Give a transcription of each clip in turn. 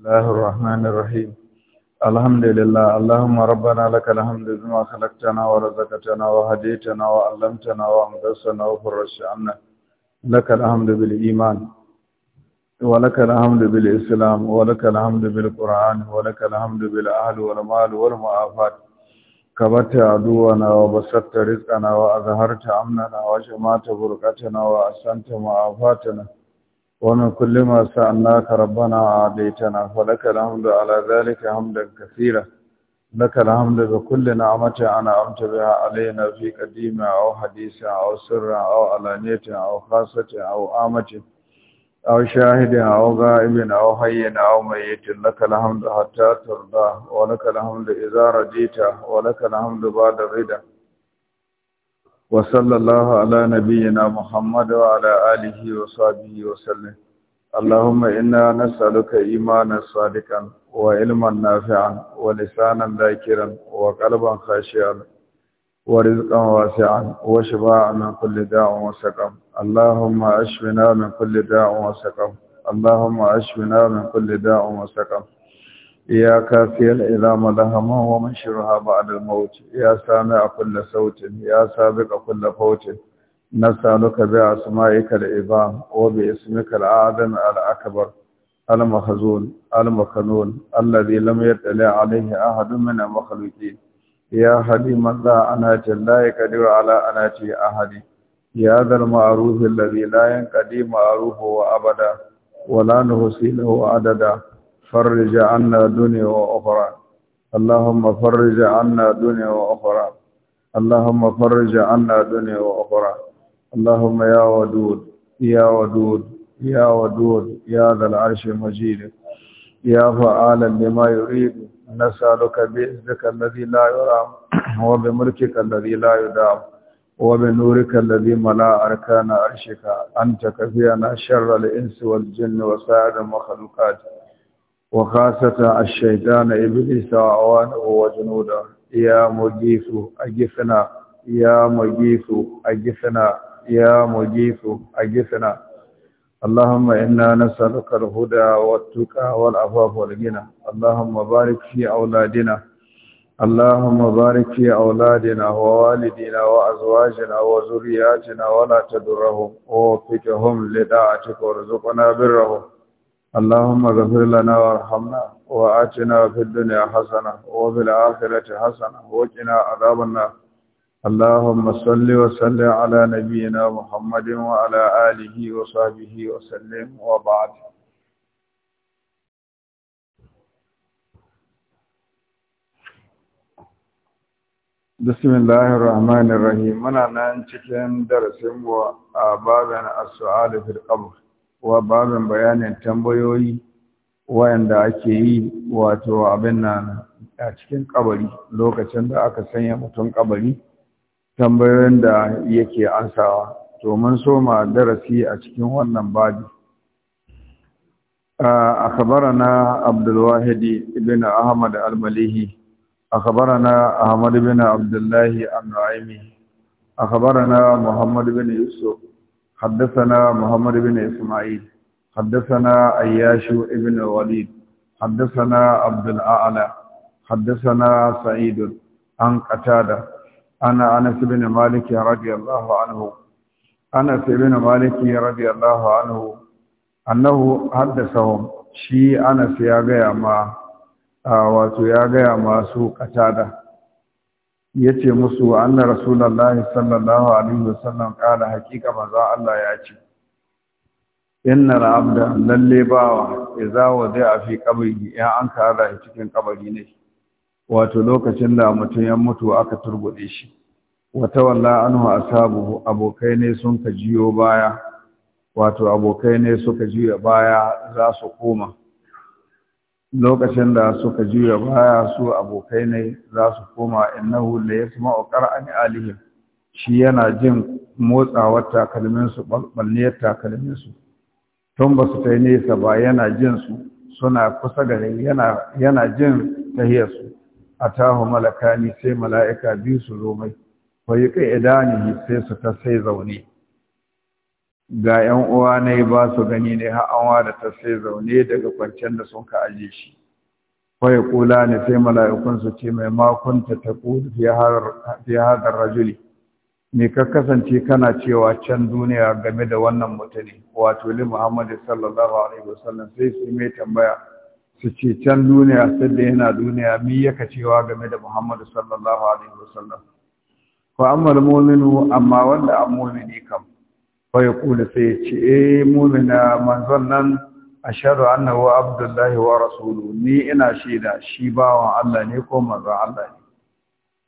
الله الرحمن الرحيم الحمد لله اللهم ربنا لك الحمد بما خلقتنا ورزقتنا وهديتنا وعلمتنا وأنقذتنا وفرجت عنا لك الحمد بالإيمان ولك الحمد بالإسلام ولك الحمد بالقرآن ولك الحمد بالأهل والمال والمعافات كبت عدونا وبسطت رزقنا وأظهرت أمننا وجمعت بركتنا وأحسنت معافاتنا ومن كل ما سألناك ربنا عاديتنا ولك الحمد على ذلك حمدا كثيرا لك الحمد بكل نعمة أنا أمت بها علينا في قديمة أو حديثة أو سرة أو علانية أو خاصة أو آمة أو شاهد أو غائب أو حي أو ميت لك الحمد حتى ترضى ولك الحمد إذا رضيت ولك الحمد بعد الرضا وصلى الله على نبينا محمد وعلى آله وصحبه وسلم اللهم إنا نسألك إيمانا صادقا وعلما نافعا ولسانا ذاكرا وقلبا خاشعا ورزقا واسعا وشفاء من كل داء وسقم اللهم اشفنا من كل داء وسقم اللهم اشفنا من كل داء وسقم يا كافي العظام لهما ومن شرها بعد الموت يا سامع كل صوت يا سابق كل فوت نسألك بأسمائك العظام وباسمك الأعظم الأكبر المخزون المكنون الذي لم يطلع عليه أحد من المخلوقين يا هدي من لا أناج لا يقدر على أناج أحد يا ذا المعروف الذي لا ينقضي معروفه أبدا ولا نحصي له عددا فرج عنا دنيا وأخرى اللهم فرج عنا دنيا وأخرى اللهم فرج عنا دنيا وأخرى اللهم يا ودود يا ودود يا ودود يا ذا العرش المجيد يا فعالا لما يريد نسألك بإذنك الذي لا يرام وبملكك الذي لا يدام وبنورك الذي ملا أركان عرشك أنت كفينا شر الإنس والجن وسائر المخلوقات وخاصة الشيطان إبليس وعوانه وجنوده يا مجيث أجفنا يا مجيث أجفنا يا مجيب أجفنا اللهم إنا نسألك الهدى والتقى والعفاف والغنى اللهم بارك في أولادنا اللهم بارك في أولادنا ووالدينا وأزواجنا وذرياتنا ولا تدرهم ووفقهم لداعتك وارزقنا برهم اللهم اغفر لنا وارحمنا وآتنا في الدنيا حسنة وفي الآخرة حسنة وقنا عذاب النار اللهم صل وسلم على نبينا محمد وعلى آله وصحبه وسلم وبعد بسم الله الرحمن الرحيم منا nan cikin darasin wa baban as-su'al fil qabr wa baban bayanin tambayoyi wayanda ake yi wato abin nan a cikin kabari lokacin da aka sanya mutum kabari tambayoyin da yake ansawa domin soma darasi a cikin wannan babi a kabara na Abdulwahidi ibn ahmad al-malihi a kabara na ahmad ibn abdullahi al-nu'aimi a kabara na muhammad ibn haddasa haddasana muhammad ibn isma'il na ayyashu ibn walid na abdul a'la haddasana sa'idun an qatada مالك anas bin malik radiyallahu anhu anas bin malik shi anas ya gaya ma wato ya gaya masu katada yace musu anna rasulullahi sallallahu alaihi wasallam kala hakika maza Allah ya ce inna al-abda lalle bawa idza wada fi qabrihi ya an kada cikin kabari ne wato lokacin da mutum ya mutu aka turguɗe shi wata walla anhu asabu abokai ne sun ka jiyo baya wato abokai ne suka baya za su koma lokacin da suka juya baya su abokai ne za su koma innahu la yasma'u alihim shi yana jin motsawar takalmin su balliyar takalmin su tun ba su tai nesa ba yana jin su suna kusa gare yana yana jin tahiyar atahu malakani sai mala'ika biyu su zo mai yi kai idanihi sai su ta sai zaune ga yan uwa ne ba su gani ne har an wada ta sai zaune daga kwancen da sun ka aje shi fa ya kula ne sai mala'ikun su ce mai makunta ta kudu fi hadar rajuli me ka kasance kana cewa can duniya game da wannan mutane wato li muhammadu sallallahu alaihi wasallam sai su yi mai tambaya su ce can duniya da yana duniya mi yaka cewa game da Muhammadu sallallahu alaihi wasallam fa amma mu'minu amma wanda a mu'mini kam fa kula sai ce eh mu'mina manzon nan ashhadu annahu abdullahi wa rasuluhu ni ina shaida shi bawan Allah ne ko manzon Allah ne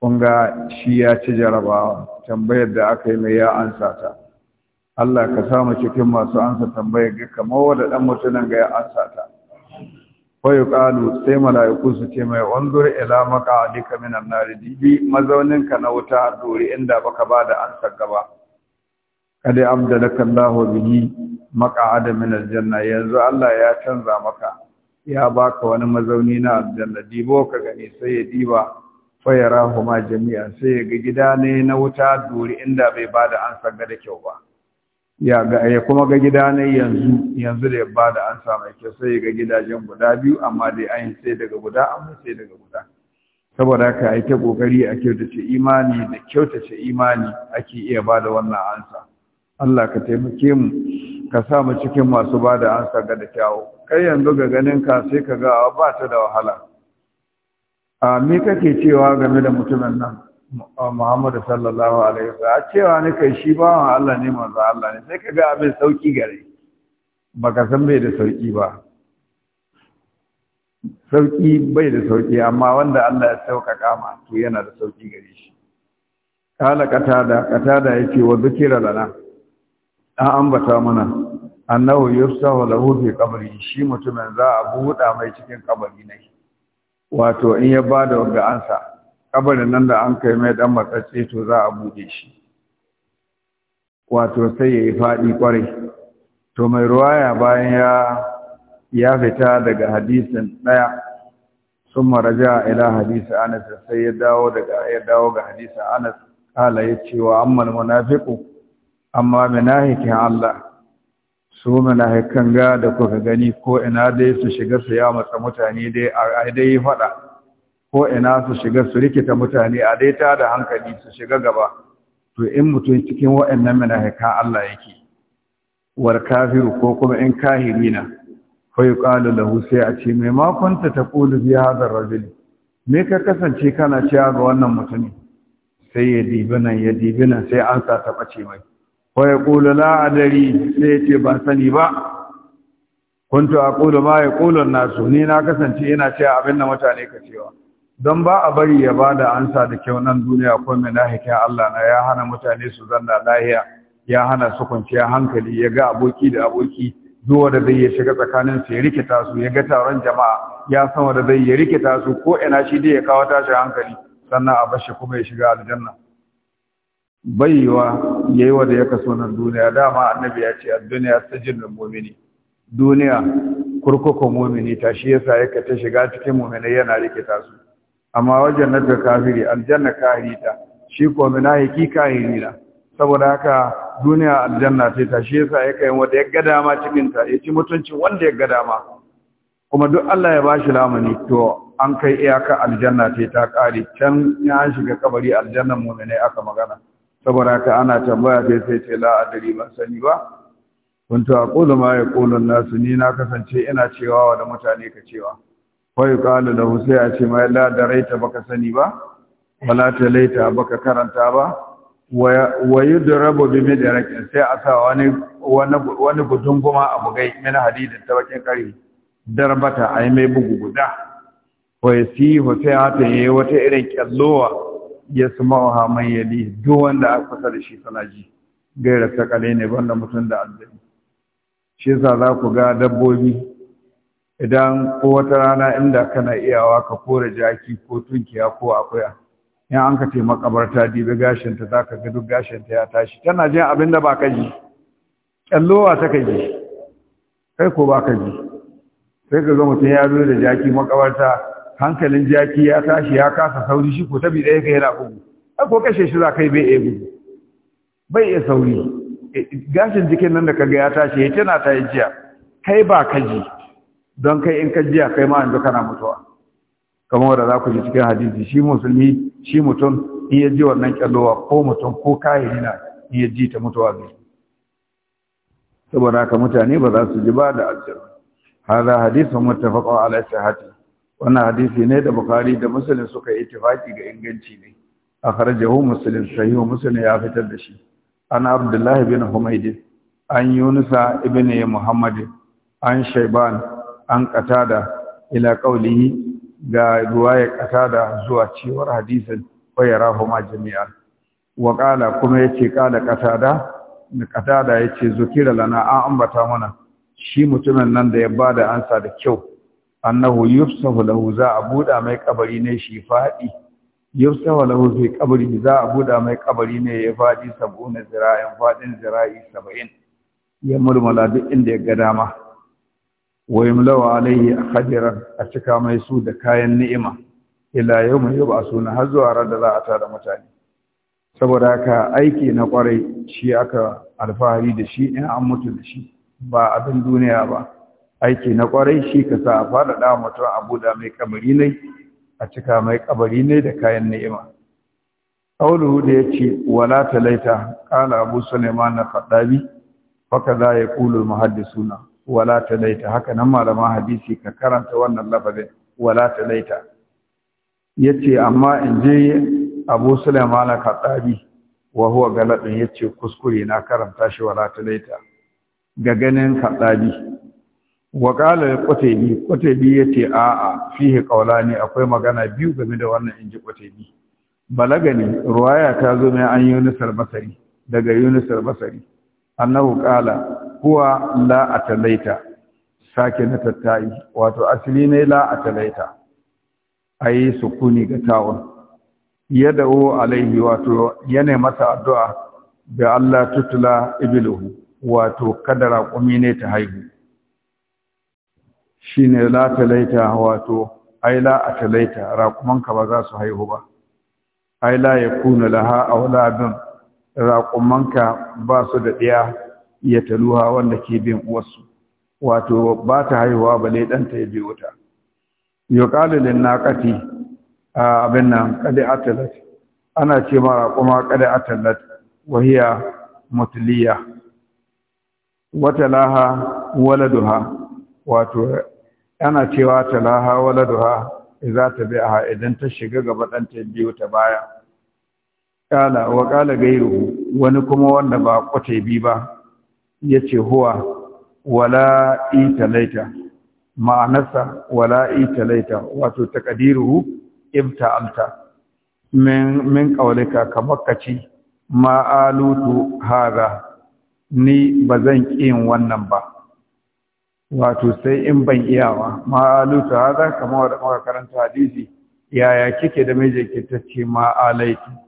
Kunga shi ya ci jarabawa tambayar da aka yi mai ya ansa ta Allah ka samu cikin masu ansa tambayar ga kamar wanda dan mutunan ga ya ansa ta fayu ƙalu sai mala'iku su ce mai wanzur ila maka adika minan nari dibi mazauninka na wuta a dori inda baka ba da an gaba kada abdalaka Kallahu bihi maq'ada min aljanna yanzu Allah ya canza maka ya baka wani mazauni na aljanna dibo ka gani sai ya diba fayarahuma jami'a sai ya ga gida ne na wuta dori inda bai bada an sagga da kyau ba ya kuma ga gida ne yanzu yanzu da ya bada an samu mai kyau sai ga gidajen guda biyu amma dai an sai daga guda amma sai daga guda saboda haka ta kokari a kyautace imani da kyautace imani ake iya ba da wannan ansa Allah ka taimake mu ka sa mu cikin masu bada ansa ga da kyawu kai yanzu ga ganin ka sai ka ga ba ta da wahala a me kake cewa game da mutumin nan Muhammadu sallallahu alaihi wa a cewa ni kai shi wa Allah ne manzo Allah ne sai kaga abin sauki gare baka san bai da sauki ba sauki bai da sauki amma wanda Allah ya sauƙaƙa ma to yana da sauki gare shi kala katada katada yake wa zikira lana an ambata mana annahu yusahu lahu fi qabri shi mutumin za a buɗa mai cikin kabari ne wato in ya bada ga ansa kabarin nan da an kai mai dan matsatse to za a buɗe shi wato sai ya yi faɗi ƙwarai to mai ruwaya bayan ya ya fita daga hadisin ɗaya sun maraja ila hadisi anas sai ya dawo daga ya dawo ga hadisi anas kala ya ce wa ammal munafiqu amma munafiqin Allah su munafikan ga da kuka gani ko ina dai su shiga su ya matsa mutane dai a dai faɗa ko ina su shiga su rikita mutane a dai ta da hankali su shiga gaba to in mutum cikin wa'annan manahika Allah yake war kafiru ko kuma in kahirina fa yuqalu lahu sai a ce mai ma kunta taqulu bi hadha ar-rajul me ka kasance kana cewa ga wannan mutumin sai ya dibi nan ya dibi nan sai an sa ta bace mai wa yaqulu la adari sai ya ce ba sani ba kuntu aqulu ma yaqulu an-nasu ni na kasance ina cewa abin da mutane ka cewa don ba a bari ya ba da ansa da kyau nan duniya ko mai lahikin Allah na ya hana mutane su zanna lahiya ya hana su kwanciya hankali ya ga aboki da aboki zuwa da zai ya shiga tsakanin su ya rikita su ya ga taron jama'a ya san wanda zai ya rikita su ko ina shi dai ya kawo tashi hankali sannan a bashi kuma ya shiga aljanna baiwa yayi wanda ya kaso nan duniya dama annabi ya ce duniya sajin mu'mini duniya kurkukun mu'mini ta shi yasa yake ta shiga cikin mu'mini yana rikita su amma wajen na ga kafiri aljanna kahiri ta shi ko munafiki kahiri na saboda haka duniya aljanna ce ta shi yasa yake yin wanda ya ga dama cikin ta yaci mutunci wanda ya ga dama kuma duk Allah ya bashi lamuni to an kai iyaka aljanna ce ta kare can ya shiga kabari aljanna mu'mini aka magana saboda haka ana tambaya sai sai ce la adri ban sani ba kuntu aqulu ma ya an nasu ni na kasance ina cewa da mutane ka cewa wai kalu da husai a ce ma la daraita baka sani ba wala talaita baka karanta ba wa yudrabu bi rakin sai a sa wani wani gudun goma a bugai min hadidin tabakin kare darbata ai mai bugu guda wa yasihu sai hata yi wata irin kyallowa ya samawa mai yadi duk wanda aka kusa da shi sanaji gaira sakale ne banda mutum da addini shi yasa za ku ga dabbobi idan ko wata rana inda kana iyawa ka kore jaki ko tunkiya ko akuya in an ka taimaka makabarta dibe gashinta za ka ga duk gashinta ya tashi tana jin abin da ba ka ji ƙyallowa ta ka ji kai ko ba ka ji sai ka ga mutum ya zo da jaki makabarta hankalin jaki ya tashi ya kasa sauri shi ko tabi ɗaya ka yana bugu ai ko kashe shi za ka yi bai iya gudu bai iya sauri e, e, gashin jikin nan da ka ga ya tashi ya tana ta yi jiya kai ba ka ji don kai in ka jiya kai ma yanzu kana mutuwa kamar wadda za ku ji cikin hadisi shi musulmi shi mutum in ya ji wannan kyallowa ko mutum ko kayan yana in ya ji ta mutuwa zai saboda haka mutane ba za su ji ba da aljanna haza hadithun muttafaqun ala hati. wannan hadisi ne da bukhari da musulun suka yi ittifaki ga inganci ne akhrajahu muslim sahihu musulun ya fitar da shi an abdullahi bin humaidi an yunusa ibn muhammadin an shaiban an katada ila kaulihi ga ruwaya katada zuwa cewar hadisin wa yarahuma jami'a wa kala kuma yace kala katada da katada yace zukira lana an ambata mana shi mutumin nan da ya bada ansa da kyau annahu yufsahu lahu za a buda mai kabari ne shi fadi yufsahu lahu fi kabari za a buda mai kabari ne ya fadi 70 zira'in fadin zira'i 70 ya murmala duk inda ya ga dama wa yumlawa alaihi khadiran a cika mai su da kayan ni'ima ila a suna har zuwa ran da za a tada mutane saboda haka aiki na kwarai shi aka alfahari da shi in an mutu da shi ba abin duniya ba aiki na kwarai shi ka sa a faɗaɗa mutum a buɗa mai kabari ne a cika mai kabari ne da kayan ni'ima aulu da ya ce, Wala talaita, ƙala Abu Suleiman na faɗabi, faka za ya ƙulul muhaddisuna. wala talaita haka nan malaman hadisi ka karanta wannan lafazin wala talaita yace amma in je Abu Sulaiman al-Khattabi wa huwa galadin yace kuskure na karanta shi wala talaita ga ganin Khattabi wa qala al-Qutaybi Qutaybi yace a'a fihi qawlani akwai magana biyu game da wannan inji Qutaybi balagani ruwaya ta zo mai an Yunus al-Basri daga Yunus al annahu qala huwa la atalaita na tattai wato asli ne la atalaita ayi sukuni ga tawun yadawo alaihi wato yana masa addu'a da Allah tutula ibluhu wato kada raƙumi ne ta haihu shine la talaita wato ai la atalaita raƙumanka ba za su haihu ba ai la yakuna laha auladun raƙumanka ba su da ɗaya ya taluha wanda ke bin uwarsu wato ba ta haihuwa ne ɗanta ya biyo ta na ƙati a abin nan qad atalat ana ce ma raƙuma qad atalat wahiya mutuliya Wata laha wala duha, wato ana cewa za ta bi a idan ta shiga gaba ɗanta ya biyo ta baya kala wa kala gairu wani kuma wanda ba bi ba yace huwa wala italaita ma'anarsa wala italaita wato takadiru ibta'alta amta min qaulika kamar kaci, Ma'alutu haga hada ni zan kiyin wannan ba wato sai in ban iyawa ma'alutu haga hada kamar da karanta hadisi yaya kike da mijinki ta ce Ma'alaitu?"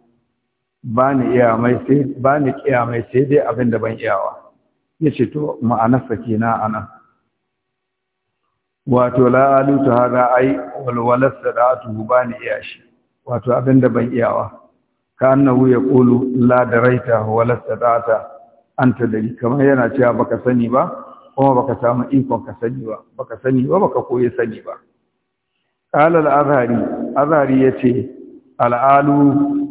Bani ni iya mai sai dai abin da ban iyawa yace to ma'anarsa kenan anan wato la ta haga ai walwalas sadatu ba iya shi wato abin da ban iyawa ka annahu yaqulu la daraita walas sadata anta dari kamar yana cewa baka sani ba kuma baka samu ikon ka sani ba baka sani ba baka koyi sani ba qala al-azhari azhari yace al-alu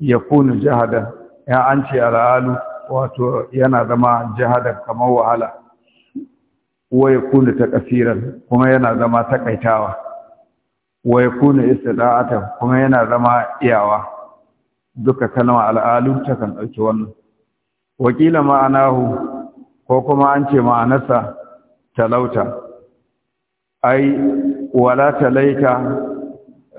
ya kunu jihadan ya an ce al'alu wato yana zama jihadan kamar wahala wa kunu ta kasiran kuma yana zama takaitawa wa ya kunu kuma yana zama iyawa duka kalma al'alu ta kan ɗauki wannan wakila ma'anahu ko kuma an ce ma'anarsa talauta ai wala talaita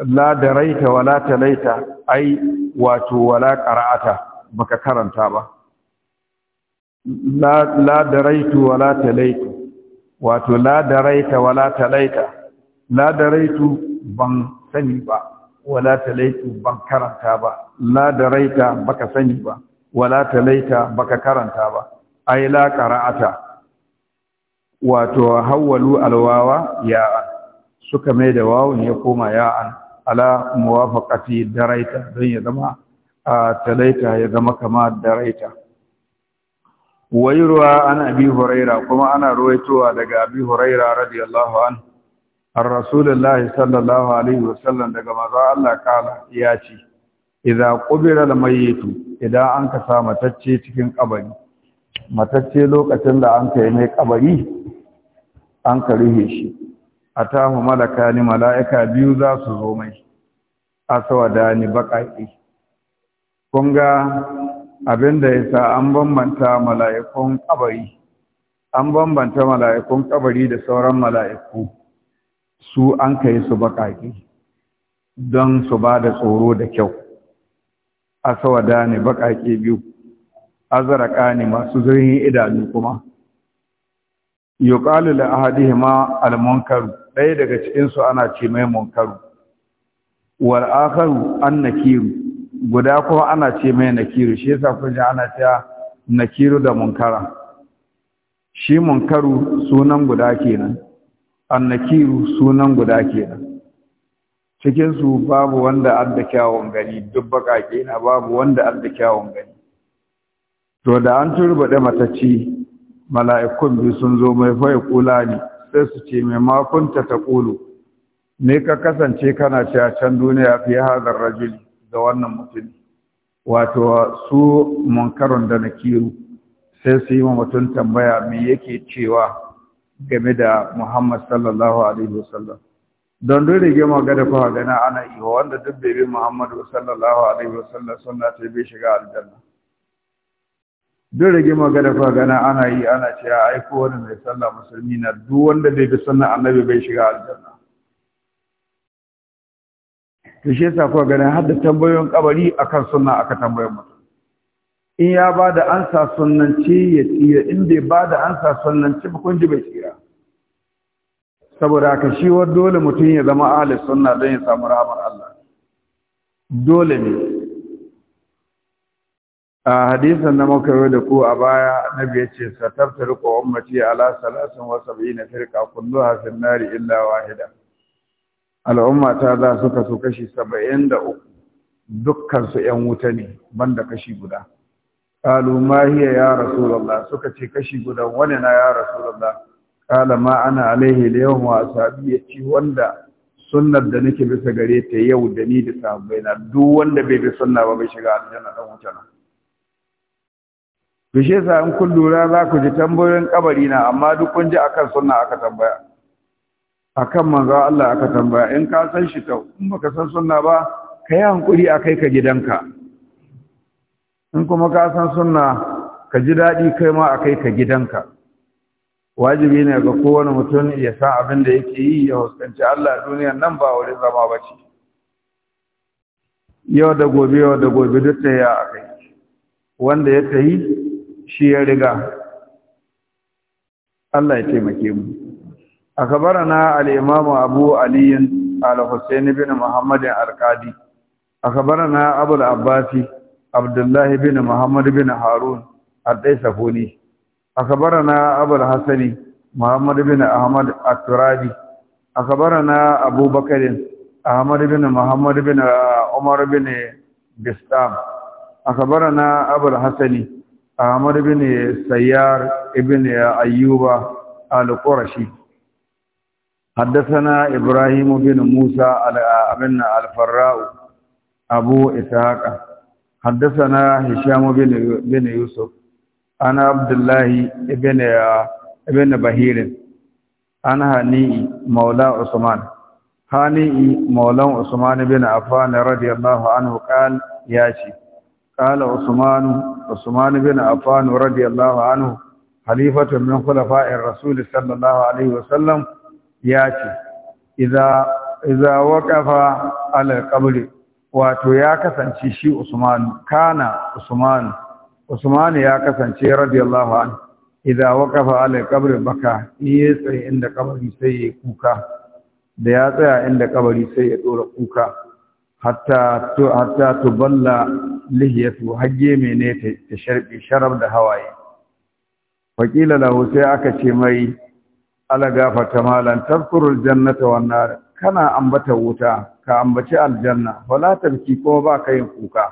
la daraita wala talaita ai wato wala qara'ata baka karanta ba la la daraitu wala wato la daraita wala talaita la raitu ban sani ba wala talaitu ban karanta ba la raita baka sani ba wala talaita baka karanta ba ai la qara'ata wato hawwalu alwawa ya suka mai da wawun ya koma ya'an ala muwafaqati daraita don ya zama a talaita ya zama kama daraita wayruwa an abi huraira kuma ana ruwaitowa daga abi huraira radiyallahu an ar rasulullahi sallallahu alaihi wasallam daga maza Allah kala ya ce idza qubira al mayyitu idan an ka sa matacce cikin kabari matacce lokacin da an kai mai kabari an ka ruhe shi A atahu malakani mala'ika biyu za su zo mai aswadani baqai kun ga abinda yasa an bambanta mala'ikun kabari an bambanta mala'ikun ƙabari da sauran mala'iku su an kai su baƙaƙi don su ba da tsoro da kyau asawada ne baƙaƙe biyu azaraka ne masu zurhin idanu kuma yuqalu li ahadihima al-munkaru ɗaya daga cikinsu ana ce mai munkaru wal akharu an nakiru guda kuma ana ce mai nakiru shi yasa kun ji ana cewa nakiru da munkara shi munkaru sunan guda kenan an nakiru sunan guda kenan Cikinsu babu wanda an da kyawun gani duk ke na babu wanda an da kyawun gani to da an turbaɗe matacci mala'ikun biyu sun zo mai faye kula ne sai su ce mai makon ta ta ƙulu ne ka kasance kana ce a can duniya fiye hazar rajul da wannan mutum wato su munkarun da na kiru sai su yi wa mutum tambaya me yake cewa game da muhammad sallallahu alaihi wasallam don dole ga ga da kuka gana ana iya wanda duk bai bi muhammadu sallallahu alaihi wasallam na ta bai shiga aljanna duk rage magana fa gana ana yi ana ce a aiko wani mai sallah musulmi na duk wanda bai bi sannan annabi bai shiga aljanna to shi yasa kuwa ganin har da tambayoyin kabari akan sunna aka tambaye mutum in ya ba da ansa sunnance ya tsira in bai ba da ansa sunnance ce kun ji bai tsira saboda haka shi wa dole mutum ya zama ahli sunna don ya samu rahmar Allah dole ne a hadisan na muka da ku a baya annabi ya ce sataftar ko ummati ala salasin wa sab'in firqa kulluha fi nari illa wahida al'umma ta za su kasu kashi 73 dukkan su 'yan wuta ne banda kashi guda qalu ma hiya ya rasulullah suka ce kashi guda wani na ya rasulullah qala ma ana alaihi al-yawm wa ashabi yace wanda sunnar da nake bisa gare ta yau da ni da na, duk wanda bai bi sunna ba bai shiga aljanna dan wuta na to shi yasa in kun lura za ku ji tambayoyin kabari na amma duk kun ji akan sunna aka tambaya akan manzo Allah aka tambaya in ka san shi to in baka san sunna ba ka yi hankuri a kai ka gidanka in kuma ka san sunna ka ji daɗi kai ma a kai ka gidanka wajibi ne ga kowane mutum ya san abin da yake yi ya huskanci Allah duniyar nan ba wani zama ba ce yau da gobe yau da gobe duk ta yi a kai wanda ya yi. shi ya riga Allah ya taimake mu kabara na Alimamu Abu Aliyun, al bin ibn Muhammad al-Qadi akabarana Abu Abul abbasi Abdullahi bin Muhammad bin Harun al-Daisafuni akabarana Abu al hassani Muhammad bin Ahmad al A akabarana Abu Bakr Ahmad bin Muhammad bin Umar bin Bistam akabarana Abu al hassani Ahmad bin Sayyar ibn Ayyuba al-Qurashi حدثنا إبراهيم بن موسى على بن الفراء أبو إسحاق حدثنا هشام بن يوسف أنا عبد الله ابن ابن بهير أنا هنيئي مولى عثمان هنيئي مولى عثمان بن عفان رضي الله عنه قال ياشي قال عثمان bin بن عفان رضي الله عنه خليفة من خلفاء الرسول صلى الله عليه وسلم ياتي إذا إذا وقف wato ya kasance shi Usman kana Usman Usman ya kasance radiyallahu anhu idza waqafa ala qabri baka yi tsaye inda kabari sai ya kuka da ya tsaya inda kabari sai ya ɗora kuka hatta to hatta tuballa lihiyatu hajje mene ta sharbi sharab da hawaye wakila lahu sai aka ce mai ala gafata malan tazkurul aljannata wan nar kana ambata wuta ka ambaci aljanna wala tabki ko ba ka yin kuka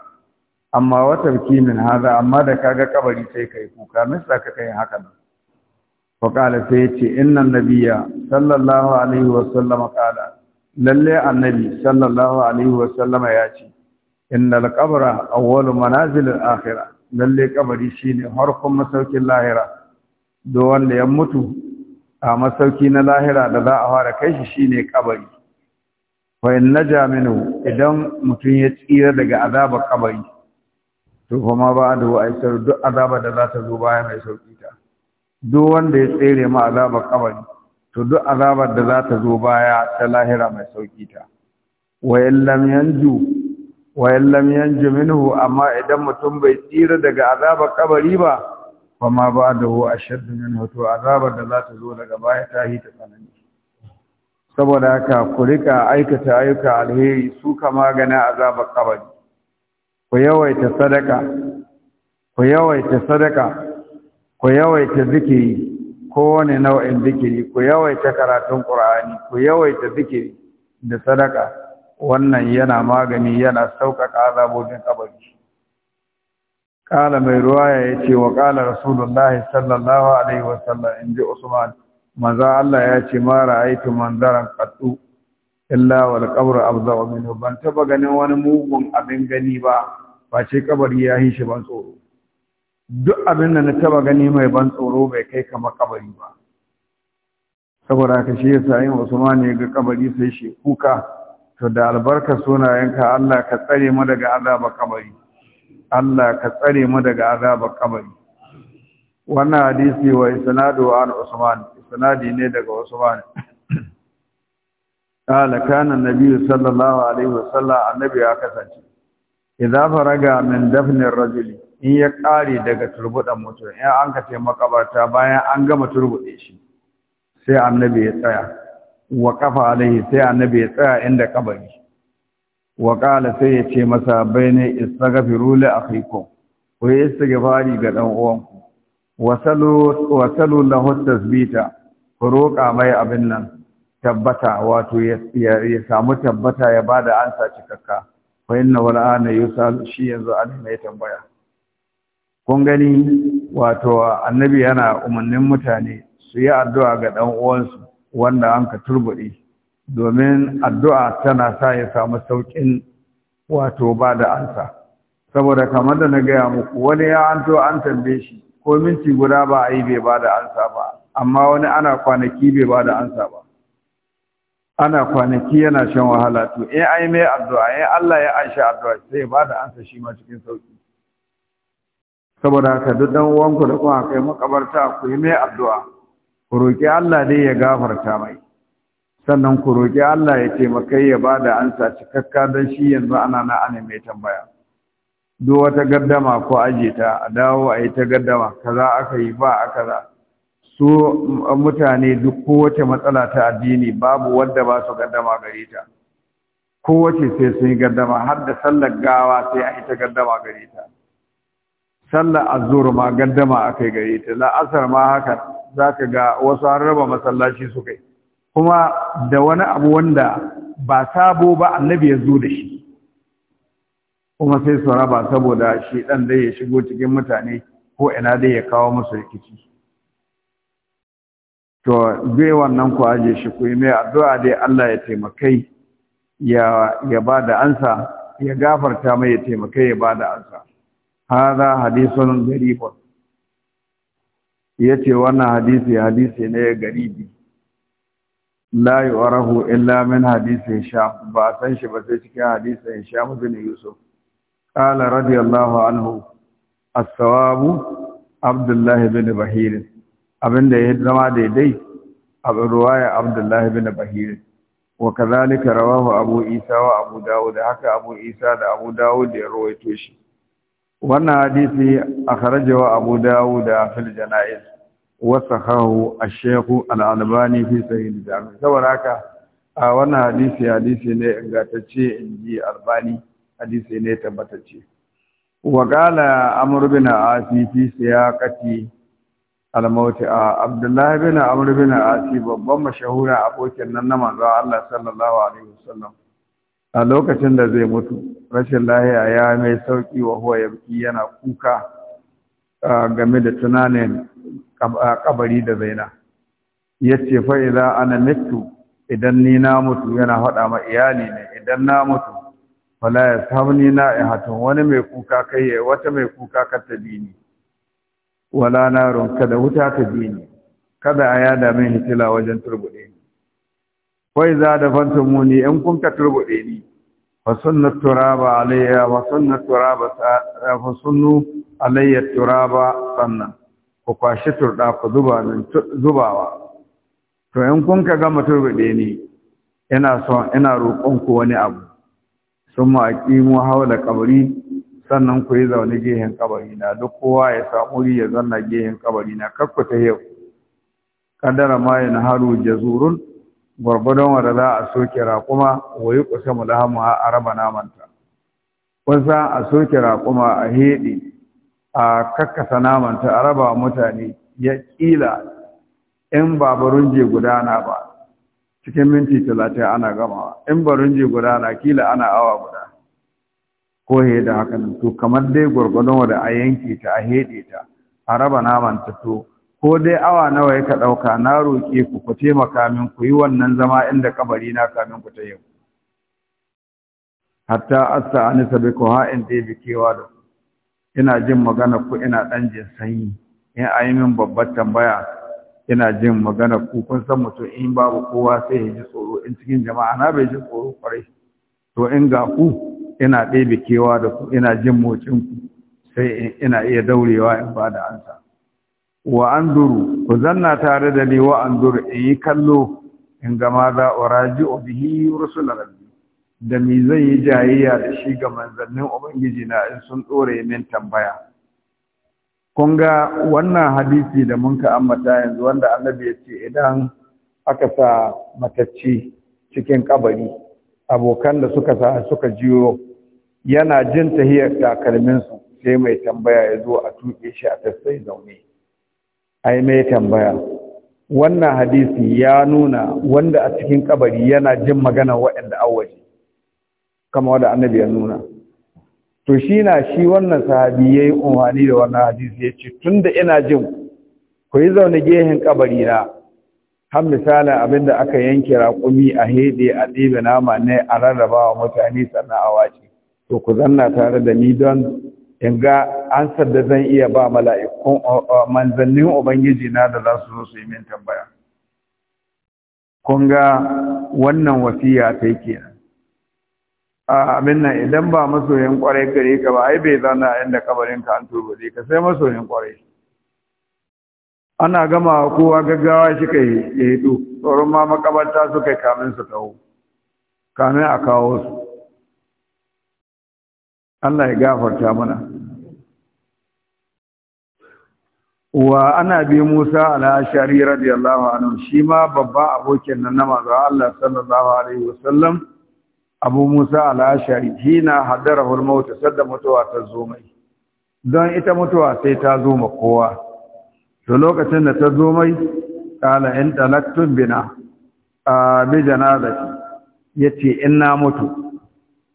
amma wa tabki min hada amma da kaga kabari sai kai kuka sa ka kai haka nan fa qala sai ce inna nabiyya sallallahu alaihi wa sallam qala lalle annabi sallallahu alaihi wa sallama ya ce innal qabra awwalu manazil al-akhirah lalle kabari shine harkon masaukin lahira do wanda ya mutu a masauki na lahira da za a fara kai shi shine kabari fa in naja minhu idan mutun ya tsira daga azaba kabari to kuma ba da wa'isar duk azaba da za ta zo baya mai sauki ta duk wanda ya tsere ma azaba kabari to duk azabar da za ta zo baya ta lahira mai sauki ta wayan lam yanju minhu amma idan mutum bai tsira daga azabar kabari ba fa ma ba da hu ashaddu minhu hoto azabar da za ta zo daga baya ta yi ta tsanani saboda haka ku rika aikata ayyuka alheri su ka magana azabar kabari ku yawaita sadaka ku yawaita sadaka ku yawaita zikiri kowane nau'in zikiri ku yawaita karatun ƙur'ani ku yawaita zikiri da sadaka wannan yana magani yana sauƙaƙa azabobin kabari Ƙala mai ruwaya ya ce wa kala rasulullahi sallallahu alaihi wasallam in ji usman maza Allah ya ce ma ra'aitu manzaran qattu illa wal qabru abzaw minhu ban taɓa ganin wani mugun abin gani ba face kabari ya hishi ban tsoro duk abin da na taba gani mai ban tsoro bai kai kama kabari ba saboda ka shi yasa yin usmani ga kabari sai shi kuka to da albarka sunayenka Allah ka tsare mu daga azaba kabari Allah ka tsare mu daga azaba kabari wannan hadisi wa isnadu an usman isnadi ne daga usman قال كان النبي صلى الله عليه وسلم النبي اكثر kasance فرغ من min الرجل in ya ƙare daga turbuɗan mutum in an ka makabarta bayan an gama turbuɗe shi sai annabi ya tsaya wa kafa alaihi sai annabi ya tsaya inda kabari wa ƙala sai ya ce masa bayne istaghfiru li akhikum ku yi istighfari ga dan uwanku wa salu wa salu tasbita ku roƙa mai abin nan tabbata wato ya samu tabbata ya ba bada ansa cikakka fa inna wal ana shi yanzu an mai tambaya kun gani wato annabi yana umarnin mutane su yi addu'a ga ɗan uwansu wanda an ka turbuɗe domin addu'a tana sa ya samu sauƙin wato ba da ansa saboda kamar da na gaya muku wani ya an to an tambaye shi ko minti guda ba a yi bai ba da ansa ba amma wani ana kwanaki bai ba da ansa ba ana kwanaki yana shan wahala to in ai mai addu'a in Allah ya aisha addu'a sai ba da ansa shi ma cikin sauƙi. saboda ka duk dan uwanku da kuma kai makabarta ku yi mai addu'a ku roki Allah dai ya gafarta mai sannan ku roki Allah ya taimaka ya bada ansa cikakka dan shi yanzu ana na ana mai tambaya duk wata gaddama ko aje ta a dawo a yi ta gaddama kaza aka yi ba aka kaza su mutane duk kowace matsala ta addini babu wanda ba su gaddama gare ta kowace sai sun yi gaddama har da sallar gawa sai a yi ta gaddama gare ta sallar azur ma gaddama akai gare ta la'asar ma haka zaka ga wasu an raba masallaci su kai kuma da wani abu wanda ba sabo ba annabi ya zo da shi kuma sai su raba saboda shi dan dai ya shigo cikin mutane ko ina dai ya kawo musu rikici to bai wannan ku aje shi ku yi mai addu'a dai Allah ya taimakai ya ya bada ansa ya gafarta mai ya taimakai ya bada ansa hadha hadithun garibun yace wannan hadisi hadisi ne garibi la yu'rahu illa min hadisi sha ba san shi ba sai cikin hadisin hisham bin yusuf qala radiyallahu anhu as-sawabu abdullah bin bahir abinda ya zama daidai a ruwaya abdullah bin bahir wa kadhalika rawahu abu isa wa abu dawud haka abu isa da abu dawud ya rawaito shi wannan hadisi kharajewa abu da fil janaiz wa hau a shaykh al'albani fi sahih da jami saboda haka a wannan hadisi hadisi ne ingantacce ji albani hadisi ne tabbatacce wa qala amr bin asi fi siyaqati almauti a Abdullahi bin Amurbin bin asi babban mashahura abokin nan na manzo Allah sallallahu alaihi wasallam a lokacin da zai mutu rashin lahiya ya mai sauki wa huwa yabki yana kuka game da tunanin kabari da zaina yace fa idza ana mitu idan ni na mutu yana faɗa ma iyali ne idan na mutu ya yasabni na ihatun wani mai kuka kai wata mai kuka ka tabi ni wala na ron kada wuta ta bi ni kada a da min hitila wajen turbude ni ko za da fantumuni in kun ka turbude ni فسن التراب عليها وسن التراب فسنوا علي التراب سنة وقاشي تردا فذبا من زباوا to in kun ka gama turbe ni ina roƙon ku wani abu sun ma aqimu hawla qabri sannan ku yi zaune gehen kabari na duk kowa ya samu ya zanna gehen kabari na kakku ta yau kadara ma yana haru jazurun gwargwadon wanda za a soke raƙuma wa yi kusa mu lahamu a araba namanta kusa a soke raƙuma a heɗe a kakkasa namanta a raba mutane ya ƙila in ba je gudana ba cikin minti talatin ana gamawa in je gudana ƙila ana awa guda ko da haka to kamar dai gwargwadon wanda a yanke ta a heɗe ta a raba namanta to ko dai awa nawa yaka ɗauka na roƙe ku ku taimaka min ku yi wannan zama inda kabari na kamin ku ta yau hatta asta anisa bi ko ha in dai bikewa da ina jin magana ku ina dan jin sanyi in ayi min babbar tambaya ina jin magana ku kun san mutum in babu kowa sai ya ji tsoro in cikin jama'a na bai ji tsoro kwarai to in ga ku ina ɗebe kewa da ku ina jin motsin ku sai ina iya daurewa in ba da ansa wa 'Anduru, ku zanna tare da ni wa in yi kallo in ga ma za uraji'u bihi rusul rabbi da me zai yi jayayya da shi ga manzannin ubangiji na in sun dore min tambaya kun ga wannan hadisi da mun ka yanzu wanda annabi ya ce idan aka sa matacci cikin kabari abokan da suka sa suka jiyo yana jin tahiyar takalminsu sai mai tambaya ya zo a tuke shi a tasai zaune ai mai tambaya wannan hadisi ya nuna wanda a cikin kabari yana jin magana waɗanda awaji kama wanda annabi ya nuna to shi na shi wannan sahabi ya yi umarni da wannan hadisi ya ce tun da ina jin ku yi zaune gehen kabari na har misalin abinda aka yanke raƙumi a hede a ɗebe nama ne a rarrabawa mutane sannan a wace to ku zanna tare da ni don in ga ansar da zan iya ba mala'ikun manzannin ubangiji na da za su zo su yi min tambaya kun ga wannan wasiya ta yake abin nan idan ba masoyin kwarai gare ka ba ai bai zana inda kabarin ka an turbule ka sai masoyin kwarai ana gama kowa gaggawa shi ka ya hito tsoron ma makabarta suka kamin su kawo kamin a kawo su Allah ya gafarta mana wa ana bi Musa al-Ashari radiyallahu anhu shi ma babba abokin nan na manzo Allah sallallahu alaihi wasallam Abu Musa al-Ashari hina hadara hul maut sadda mutuwa ta zo mai don ita mutuwa sai ta zo ma kowa to lokacin da ta zo mai qala in talaktu bina a bi janazati yace in na mutu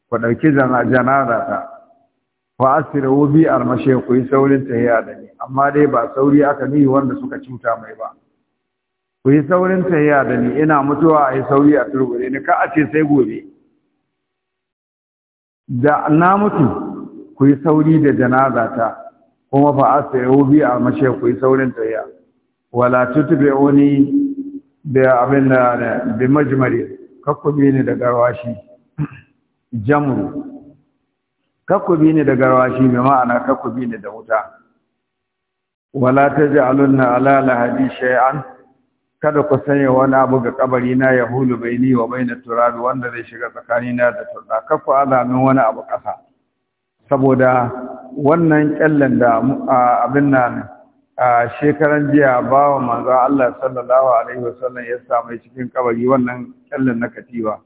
ku dauki janazata wa asira wubi armashe ku yi saurin tahiya da ni amma dai ba sauri aka nihi wanda suka cuta mai ba ku yi saurin tahiya da ni ina mutuwa a sauri a turbure ni ka a ce sai gobe da na mutu ku yi sauri da janaza ta kuma fa asira wubi armashe ku yi saurin tahiya wala oni da abin da bi majmari kakkubi ne da garwashi jamru takubi ne da garwashi mai ma'ana takubi ne da wuta wala taj'alunna ala lahadi shay'an kada ku sanya wani abu ga kabari na ya hulu baini wa baina turabi wanda zai shiga tsakani na da turda kakku azamin wani abu kasa saboda wannan kyallan da abin nan a shekaran jiya ba wa manzo Allah sallallahu alaihi wasallam ya samu cikin kabari wannan kyallan na katiba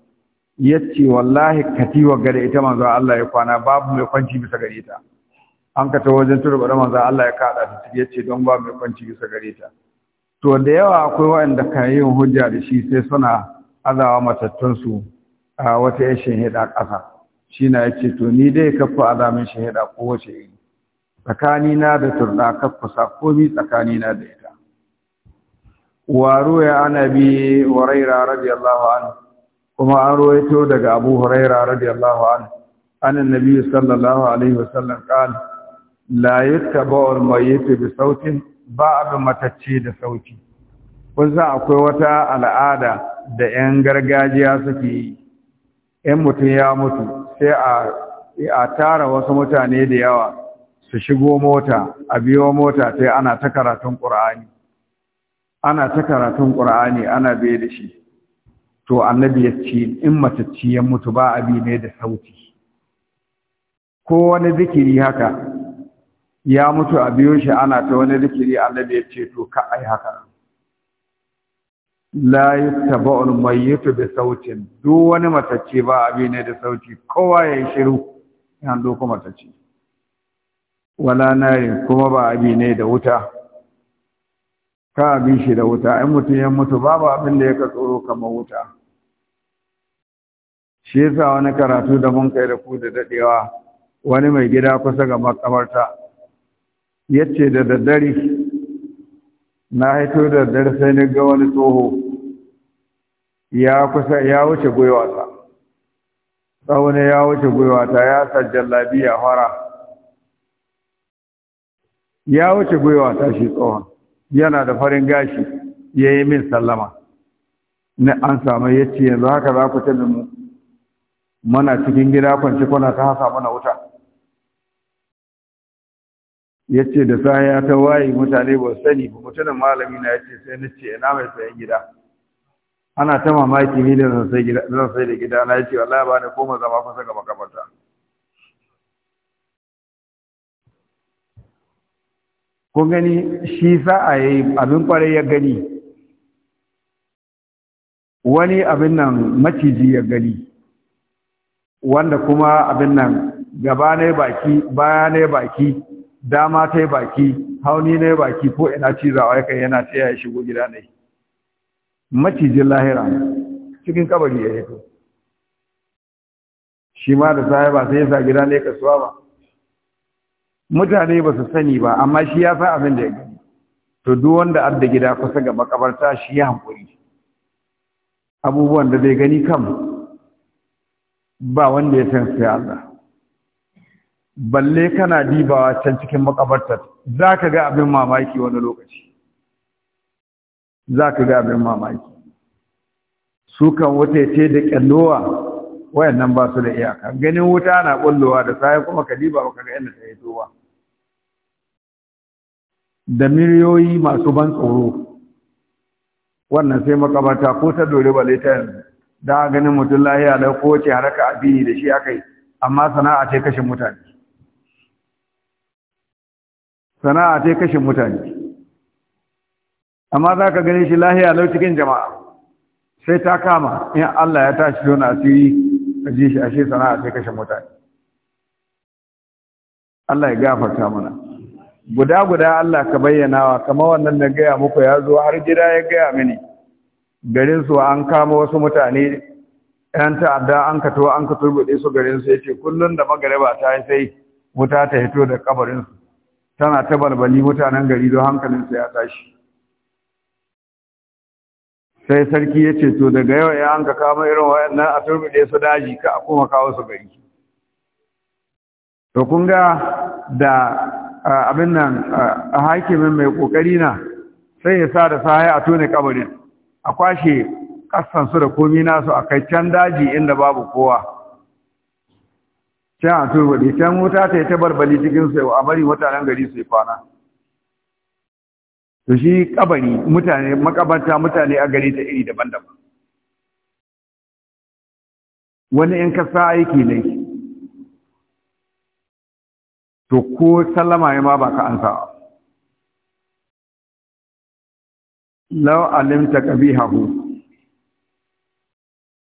yace wallahi katiwa gare ita manzo Allah ya kwana babu mai kwanci bisa gare ta an ka ta wajen turba da manzo Allah ya kada ta yace don babu mai kwanci bisa gare ta to da yawa akwai waɗanda ka yin hujja da shi sai suna azawa matattun su a wata yan shahida ƙasa shi na yace to ni dai kafa azamin shahida ko wace iri tsakani na da turda kafa sa komi tsakani na da ita wa ruya anabi raira, radiyallahu anhu kuma an ruwaito daga Abu Huraira radiyallahu anhu anan nabi sallallahu alaihi wasallam kan la yattabu al bi sautin ba matacce da sauti kun akwai wata al'ada da 'yan gargajiya suke yi 'yan mutum ya mutu sai a tara wasu mutane da yawa su shigo mota a biyo mota sai ana ta karatun ƙur'ani ana ta karatun qur'ani ana bai da shi to annabi ya ce in matacci ya mutu ba abi ne da sauti ko wani zikiri haka ya mutu a biyo shi ana ta wani zikiri annabi ya ce to ka ai haka la yattaba'ul mayyitu bi sautin do wani matacce ba abi ne da sauti kowa ya shiru yan doko matacce wala narin kuma ba abi ne da wuta ka abin shi da wuta in mutum ya mutu babu abin da yaka tsoro kamar wuta shi yasa wani karatu da mun kai da ku da dadewa wani mai gida kusa ga makabarta yace da daddare na haito da daddare sai ni ga wani tsoho ya kusa ya wuce gwiwata tsawo ne ya wuce gwiwata ya sajjallabi ya fara ya wuce gwiwata shi tsohon yana da farin gashi ya yi min sallama na an samu yace yanzu haka za ku tabi mu mana cikin gida kwanci kwana ta hasa mana wuta ya ce da saya ta waye mutane ba sani ba mutumin malami na ya ce sai na ce ina mai sayan gida ana ta mamaki ni da zan sai da gida na ya ce wallahi ba ni koma zama kusa ga makabarta ko gani shi sa'a ya yi abin kwarai ya gani wani abin nan maciji ya gani wanda kuma abin nan gaba ne baki baya ne baki dama ta baki hauni ne baki ko ina cizawa ya kai yana taya ya shigo gida ne macijin lahira cikin kabari ya yato shi ma da sahi ba sai ya sa gida ne kasuwa ba mutane ba su sani ba amma shi ya san abin da ya gani to duk wanda adda gida kusa ga makabarta shi ya hankuri abubuwan da bai gani kan ba wanda ya san sai Allah balle kana dibawa can cikin makabarta zaka ga abin mamaki wani lokaci zaka ga abin mamaki su kan wuta ce da kyallowa wayannan ba su da iyaka ganin wuta na kullowa da sai kuma ka diba ka kaga yanda sai da miliyoyi masu ban tsoro wannan sai makabarta ko ta dore balle ta yanzu da ganin mutum lahiya da kowace haraka addini da shi aka yi amma sana'a ce kashin mutane sana'a ce kashin mutane amma za ka gani shi lahiya lau cikin jama'a sai ta kama in Allah ya tashi zo na asiri ka ji shi ashe sana'a ce kashin mutane Allah ya gafarta mana guda guda Allah ka bayyana wa kama wannan na gaya muku ya zo har gida ya gaya mini Garinsu an kama wasu mutane yan ta'adda an kato an ka turbuɗe su garin su yace kullun da magareba ta yi sai wuta ta hito da kabarin tana ta balbali mutanen gari don hankalin su ya tashi sai sarki ya ce to daga yau ya an ka kama irin wayannan a turbuɗe su daji ka a kuma kawo su gari to kun ga da abin nan hakimin mai kokari na sai ya sa da sahaya a tone kabarin a kwashe ƙasansu da komi nasu a kai can daji inda babu kowa can a turbali can wuta ta yi ta barbali cikin sai a bari mutanen gari sai kwana to shi kabari mutane makabarta mutane a gari ta iri daban-daban wani in ka aiki ne to ko sallama ya ma ba ka ansawa لو علمت قبيحه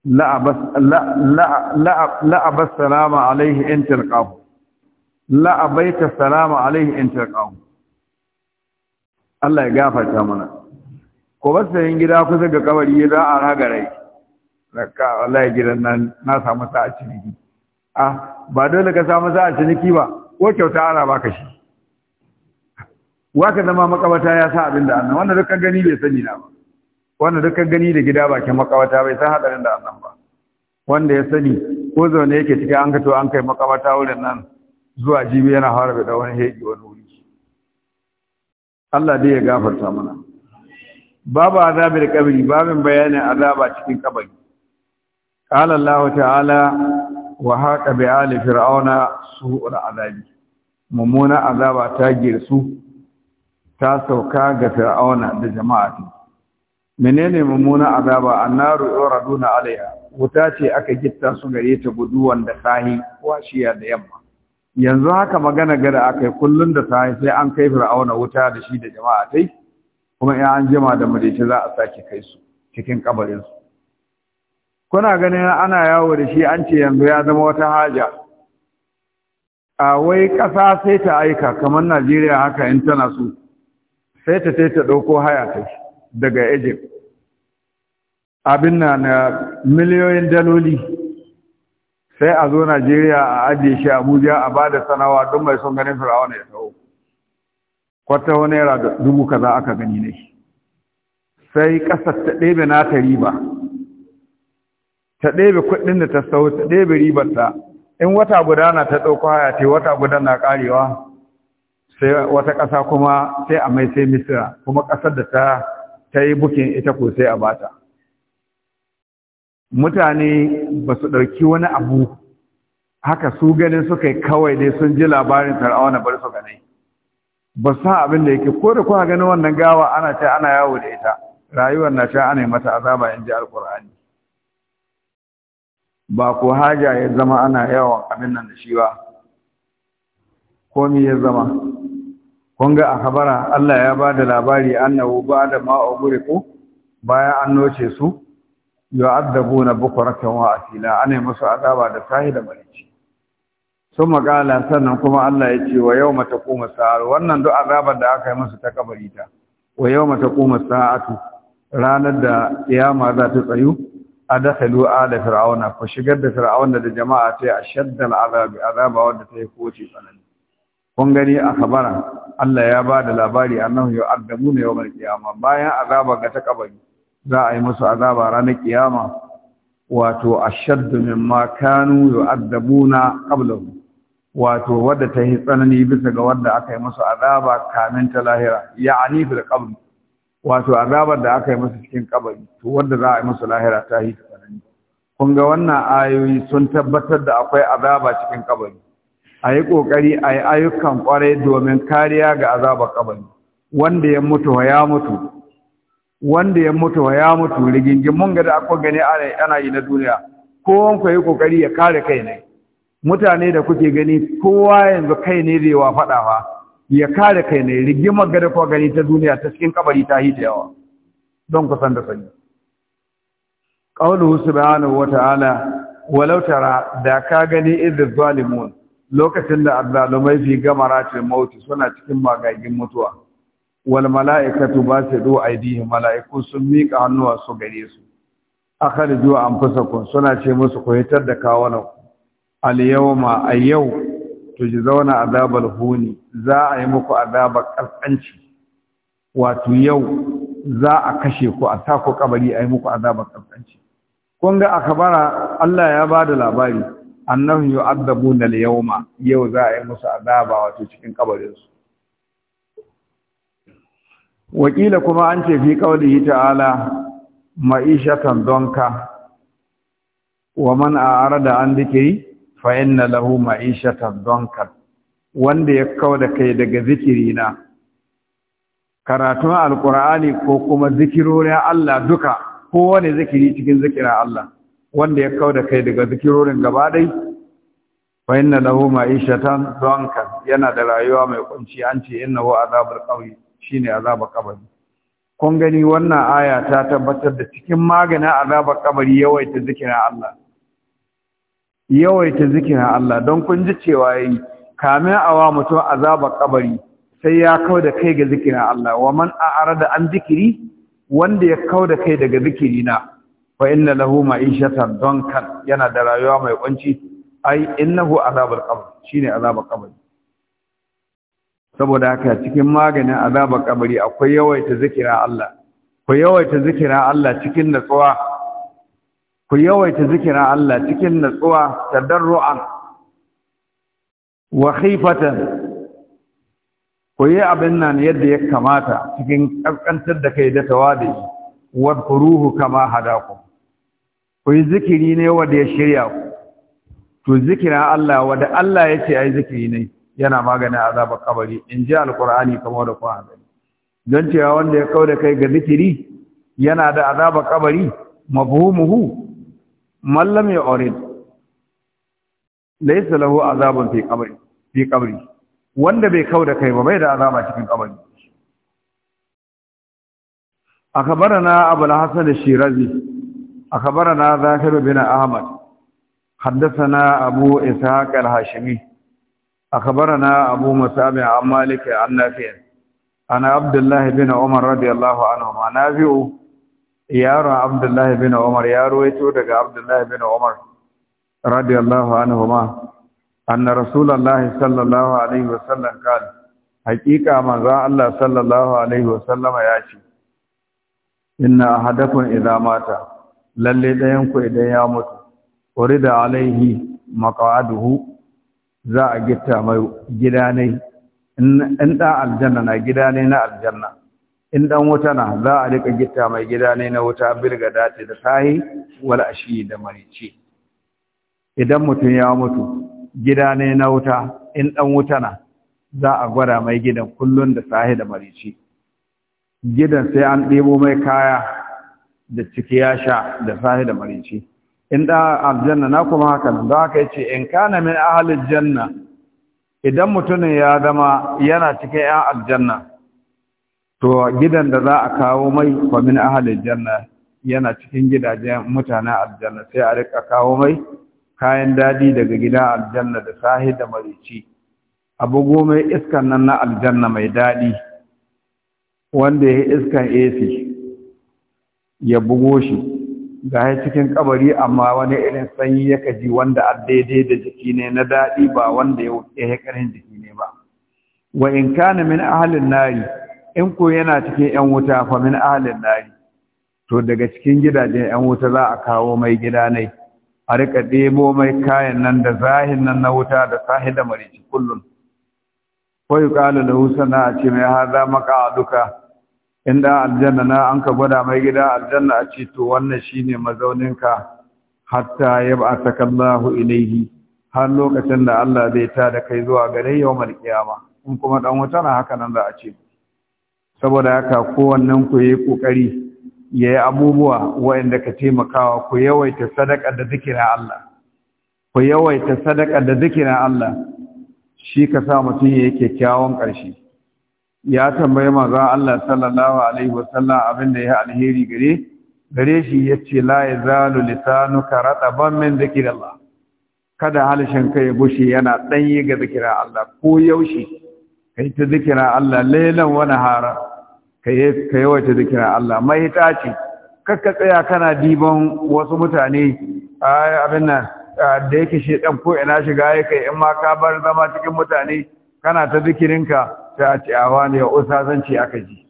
لا بس لا لا لا alaihi in tilqahu la abaita alaihi in Allah ya mana ko ba sayin gida kusa ga kabari za a ragarai raka Allah gidan nan na samu sa'a ciniki ah ba dole ka samu sa'a ciniki ba ko kyauta ana baka shi waka zama makawata ya sa abin da annan wannan dukkan gani bai sani na ba wannan dukkan gani da gida bakin makawata bai san hadarin da annan ba wanda ya sani ko zaune yake cikin an kato an kai makawata wurin nan zuwa jibi yana fara da wani heki wani wuri Allah dai ya gafarta mana babu azabil kabri babin bayanin azaba cikin kabari qala Allah ta'ala wa haqa bi ali fir'auna su'ul azabi mummuna azaba ta girsu ta sauka ga fir'auna da jama'atu menene mummuna azaba annaru yuraduna alaiha wuta ce aka gitta su gare ta guduwan da sahi washiya da yamma yanzu haka magana gada akai kullun da sahi sai an kai fir'auna wuta da shi da jama'a kuma in an jima da madaita za a sake kai su cikin kabarin su kuna ganin ana yawo da shi an ce yanzu ya zama wata haja a wai ƙasa sai ta aika kamar Najeriya haka in tana so sai ta ta ɗauko haya ta daga egypt abin na na miliyoyin daloli sai a zo najeriya a ajiye shi abuja a ba da sanawa don mai son ganin fir'auna ya tsawo kwata wani naira dubu kaza aka gani ne sai ƙasar ta ɗebe na ta riba ta ɗebe kuɗin da ta sau ta ɗebe ribarta in wata gudana ta ɗauko haya ce wata gudana ƙarewa sai wata ƙasa kuma sai a mai sai misira kuma ƙasar da ta ta yi bukin ita ko sai a bata mutane ba su ɗauki wani abu haka su ganin suka yi kawai dai sun ji labarin fir'auna bar su ganai ba sa abin da yake ko da kuka ganin wannan gawa ana ta ana yawo da ita rayuwar na sha ana mata azaba in ji Alƙur'ani. ba ko haja ya zama ana yawan abin nan da shi ba komi ya zama kun ga a habara Allah ya ba da labari annahu ba da ko bayan an noce su yu'addabu na bukuratan wa asila ana musu azaba da sahi da marici sun makala sannan kuma Allah ya ce wa yau mata kuma sa'ar wannan duk azabar da aka yi musu ta kabari ta wa yau mata kuma sa'atu ranar da kiyama za ta tsayu a dasalu da fir'auna ko shigar da fir'auna da jama'a ta yi a azabi azaba wadda ta yi koce tsanani kun gani a Allah ya ba da labari annahu yu'adabu ne yawmal qiyama bayan azaba ga ta kabari za a yi musu azaba ranar kiyama wato ashaddu mimma kanu yu'adabuna qablahu wato wadda ta yi tsanani bisa ga wadda aka yi musu azaba kamin ta lahira ya'ani fil qabr wato azabar da aka yi musu cikin kabari to wadda za a yi musu lahira ta yi tsanani kun ga wannan ayoyi sun tabbatar da akwai azaba cikin kabari a yi ƙoƙari a yi ayyukan ƙwarai domin kariya ga azabar ƙabari wanda ya mutu ya mutu wanda ya mutu ya mutu rigingimun ga da aka gani ana yi na duniya kowan ku yi ƙoƙari ya kare kai ne mutane da kuke gani kowa yanzu kai ne zai wa faɗa fa ya kare kai ne rigimar ga da kuka gani ta duniya ta cikin kabari ta hita yawa don ku san da sani qawluhu subhanahu wa ta'ala walau tara da ka gani idh zalimun lokacin da azzalumai fi gamaratil mauti suna cikin magagin mutuwa wal mala'ikatu basidu aydihim mala'iku sun mika hannuwa su gare su akhriju anfusakum suna ce musu ku hitar da kawunan al yawma ayyau tujzauna azabal huni za a yi muku azabar kaskanci wato yau za a kashe ku a sa kabari a yi muku azabar kaskanci kun ga akabara Allah ya ba da labari annahum yu'adzabuna al-yawma yau za a yi musu azaba wato cikin kabarin su wakila kuma an ce fi qaulihi ta'ala ma'ishatan donka wa man a'rada an dhikri fa inna lahu ma'ishatan donka wanda ya kauda kai daga zikiri na? karatun alqur'ani ko kuma zikirorin Allah duka kowane zikiri cikin zikira Allah wanda ya kauda kai daga zikirorin gaba dai fa inna lahu ma'ishatan yana da rayuwa mai kunci an ce innahu azabul qawi shine azabul qabri kun gani wannan aya ta tabbatar da cikin maganin azabul qabri yawaita zikirin Allah yawaita zikirin Allah don kun ji cewa yayi kamin awa mutum azabul kabari sai ya kauda da kai ga zikirin Allah wa man a'arada an zikiri wanda ya kauda kai daga zikirina fa inna lahu ma'ishatan kan yana da rayuwa mai kunci ai innahu azabul qabr shine azabul qabr saboda haka cikin maganin azabul qabri akwai yawaita zikira Allah ku yawaita zikira Allah cikin natsuwa ku yawaita zikira Allah cikin natsuwa tadarruan wa khifatan ku yi abin nan yadda ya kamata cikin kaskantar da kai da tawadi furuhu kama hadakum ku yi zikiri ne wanda ya shirya ku to zikira Allah wanda Allah ya ce ai zikiri ne yana maganin azabar kabari in ji Alƙur'ani kamar da kuma gani don cewa wanda ya kauda kai ga zikiri yana da azabar kabari mafhumuhu mallam ya aurid laysa lahu azabun fi fi kabari wanda bai kauda kai ba bai da azaba cikin kabari akabarana abul hasan shirazi أخبرنا ذاكر بن أحمد حدثنا أبو إسحاق الهاشمي أخبرنا أبو مسامع عن مالك عن نافين أنا عبد الله بن عمر رضي الله عنهما نافع يارى عبد الله بن عمر يا رويتو دغ عبد الله بن عمر رضي الله عنهما أن رسول الله صلى الله عليه وسلم قال حقيقة ما ذا الله صلى الله عليه وسلم يأتي إن أحدكم إذا مات lalle ɗayan ku idan ya mutu da alaihi maqaduhu za a gita mai gida in ɗan aljanna na gida na aljanna in ɗan wuta na za a rika gita mai gida ne na wuta birga dace da sahi wal ashi da marici idan mutum ya mutu gida na wuta in ɗan wuta na za a gwada mai gidan kullum da sahi da marice gidan sai an ɗebo mai kaya da ciki ya sha da sahi da marici in da aljanna na kuma haka da haka ce in kana min ahlil janna idan mutumin ya zama yana cikin yan aljanna to gidan da za a kawo mai fa min ahlil janna yana cikin gidajen mutanen aljanna sai a rika kawo mai kayan dadi daga gida aljanna da sahi da marici abu goma iskan nan na aljanna mai daɗi wanda ya iskan AC ya bugo shi ga ya cikin kabari amma wani irin sanyi yaka ji wanda a daidai da jiki ne na daɗi ba wanda ya yi ƙarin jiki ne ba wa in kana min ahalin nari in ko yana cikin yan wuta fa min ahalin nari to daga cikin gidajen yan wuta za a kawo mai gida ne a rika ɗebo mai kayan nan da zahin nan na wuta da sahi da marici kullum ko yi ƙalu da na a ce mai haza maka duka in da aljanna na an ka gwada mai gida aljanna a ce to wannan shine ka. hatta ya ba sakallahu ilaihi har lokacin da Allah zai ta da kai zuwa gare yawmal kiyama in kuma dan wuta na haka nan za a ce saboda haka kowannen ku yi kokari yayi abubuwa waɗanda ka taimakawa ku yawaita sadaka da zikirin Allah ku yawaita sadaka da zikirin Allah shi ka sa mutum ya yi kyakkyawan ƙarshe ya tambaye manzon Allah sallallahu alaihi wasallam abin da ya alheri gare gare shi yace la yazalu karata, ban min zikrillah kada halshen kai ya bushe yana danye ga zikira Allah ko yaushe kai ta zikira Allah lailan wa nahara kai kai wata zikira Allah mai tace kakka tsaya kana diban wasu mutane ai abin nan da yake shedan ko ina shiga kai in ma ka bar zama cikin mutane kana ta zikirinka sai a ce a wani ya usa zance aka ji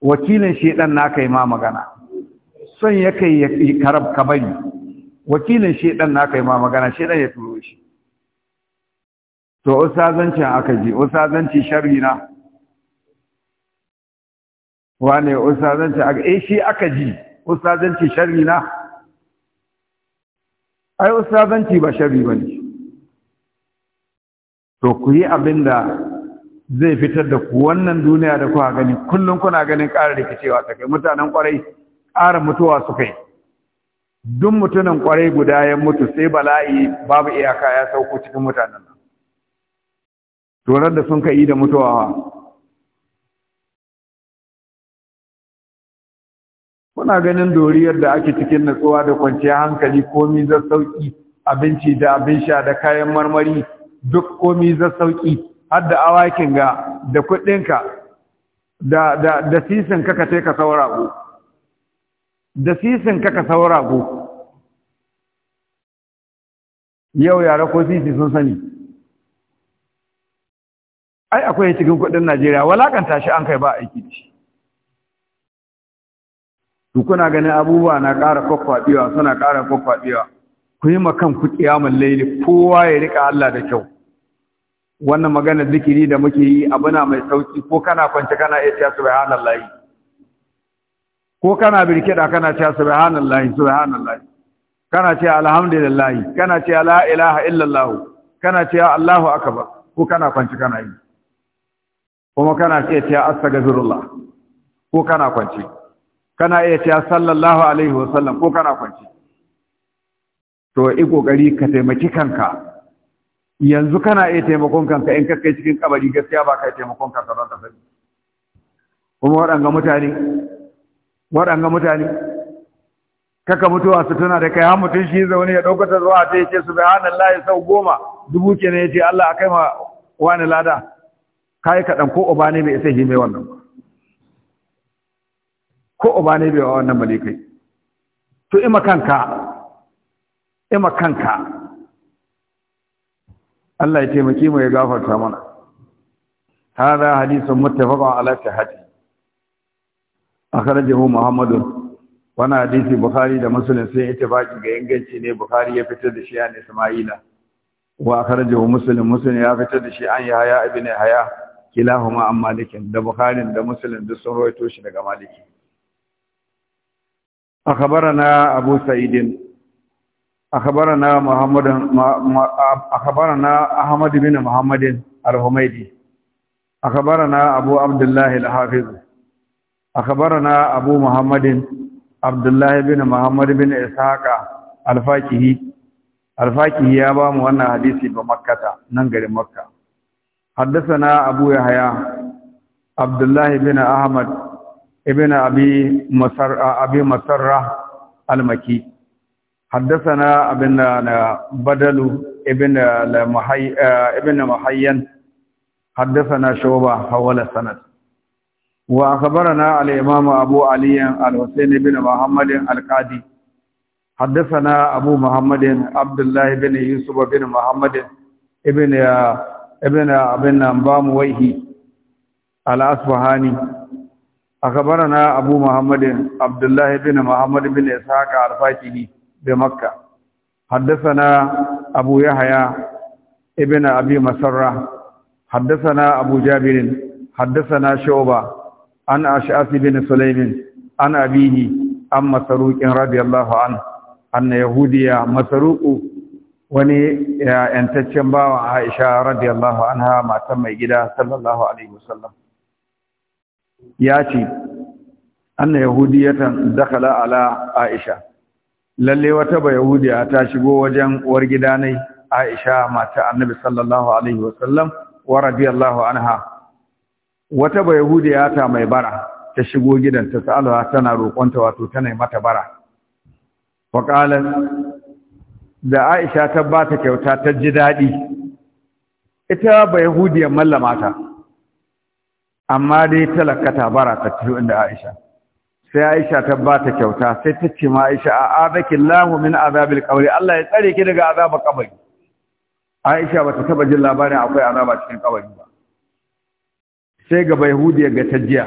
wakilin shedan na yi ma magana son ya kai ya karab ka bari wakilin shedan na yi ma magana shedan ya turo shi to usa zance aka ji usa zance sharri na ya usa zance aka eh shi aka ji usa zance sharri na ai usa zance ba sharri bane to ku yi abinda zai fitar da ku wannan duniya da kuwa gani kullum kuna ganin ƙara rikicewa ta kai mutanen ƙwarai ƙara mutuwa su kai duk mutunan ƙwarai guda ya mutu sai bala'i babu iyaka ya sauko cikin mutanen nan turar da sun kai da mutuwa kuna ganin doriyar da ake cikin natsuwa da kwanciyar hankali komi za sauƙi abinci da abin sha da kayan marmari duk komi za sauƙi. adda awakin ga da kuɗinka da da da sisin ka ka sai ka saura go da sisin ka ka saura go yau yara ko sisi sun sani ai akwai cikin kuɗin Najeriya walakanta shi an kai ba aiki da shi kuna ganin abubuwa na ƙara kwakwaɓewa suna ƙara kwakwaɓewa ku yi makan ku ƙiyamun laili kowa ya riƙa Allah da kyau wannan magana zikiri da muke yi abuna mai sauki ko kana kwance kana iya cewa subhanallah ko kana birkida kana cewa subhanallah subhanallah kana cewa alhamdulillah kana cewa la ilaha illallah kana cewa allahu akbar ko kana kwance kana yi kuma kana iya cewa astaghfirullah ko kana kwance kana iya cewa sallallahu alaihi wasallam ko kana kwance to yi kokari ka taimaki kanka yanzu kana iya taimakon kanka in ka cikin kabari gaskiya ba ka taimakon kanka don ka sani kuma waɗanga mutane waɗanga mutane kaka mutuwa su tuna da kai har mutum shi zaune ya ɗaukata zuwa ta yake su bai hannun layi sau goma dubu ke ne ya ce Allah a kai ma wani lada yi kaɗan ko uba ne bai isa shi mai wannan ba ko uba ne bai wa wannan malikai to ima kanka ima kanka Allah ya taimake mu ya gafarta mana hada hadisun muttafaqun ala sahihi. akhrajahu wa na hadisi bukhari da muslim sun ittifaki ga inganci ne bukhari ya fitar da shi an isma'ila wa akhrajahu muslim muslim ya fitar da shi an yahya ibn haya kilahuma an malikin da bukharin da muslim duk sun rawaito shi daga maliki akhbarana abu sa'idin أخبرنا محمد أخبرنا أحمد بن محمد الحميدي أخبرنا أبو عبد الله الحافظ أخبرنا أبو محمد عبد الله بن محمد بن إسحاق الفاكهي الفاكهي يا أبا موانا حديثي بمكة ننقل مكة حدثنا أبو يحيى عبد الله بن أحمد ابن أبي مسر أبي مسرة المكي حدثنا ابن بدل ابن المحي ابن محيان حدثنا شعبة حول السند وأخبرنا الإمام أبو علي الحسين بن محمد القاضي حدثنا أبو محمد عبد الله بن يوسف بن محمد ابن ابن ابن بامويه الأصفهاني أخبرنا أبو محمد عبد الله بن محمد بن إسحاق الفاتحي بمكة حدثنا أبو يحيى ابن أبي مسرة حدثنا أبو جابر حدثنا شعبة عن أشعث بن سليم عن أبيه عن مسروق رضي الله عنه أن يهوديا مسروق wani ‘yantaccen bawan Aisha radiyallahu anha matan mai gida sallallahu Alaihi wasallam ya ce, Anna Yahudiyatan dakala ala Aisha, lalle wata ba yahudiya ta shigo wajen uwar gida ne aisha mata annabi sallallahu alaihi wasallam wa radiyallahu anha wata ba yahudiya ta mai bara ta shigo gidan ta sa'alwa tana roƙonta wato tana mata bara wa da aisha ta ba ta kyauta ta ji daɗi ita ba yahudiyar mallama ta amma dai talakata bara ta da inda aisha sai aisha ta ba ta kyauta sai ta ce ma aisha a adaki lahu min azabil qabri Allah ya tsare ki daga azabar kabari aisha bata taba jin labarin akwai azaba cikin kabari ba sai ga bayhudi ga tajiya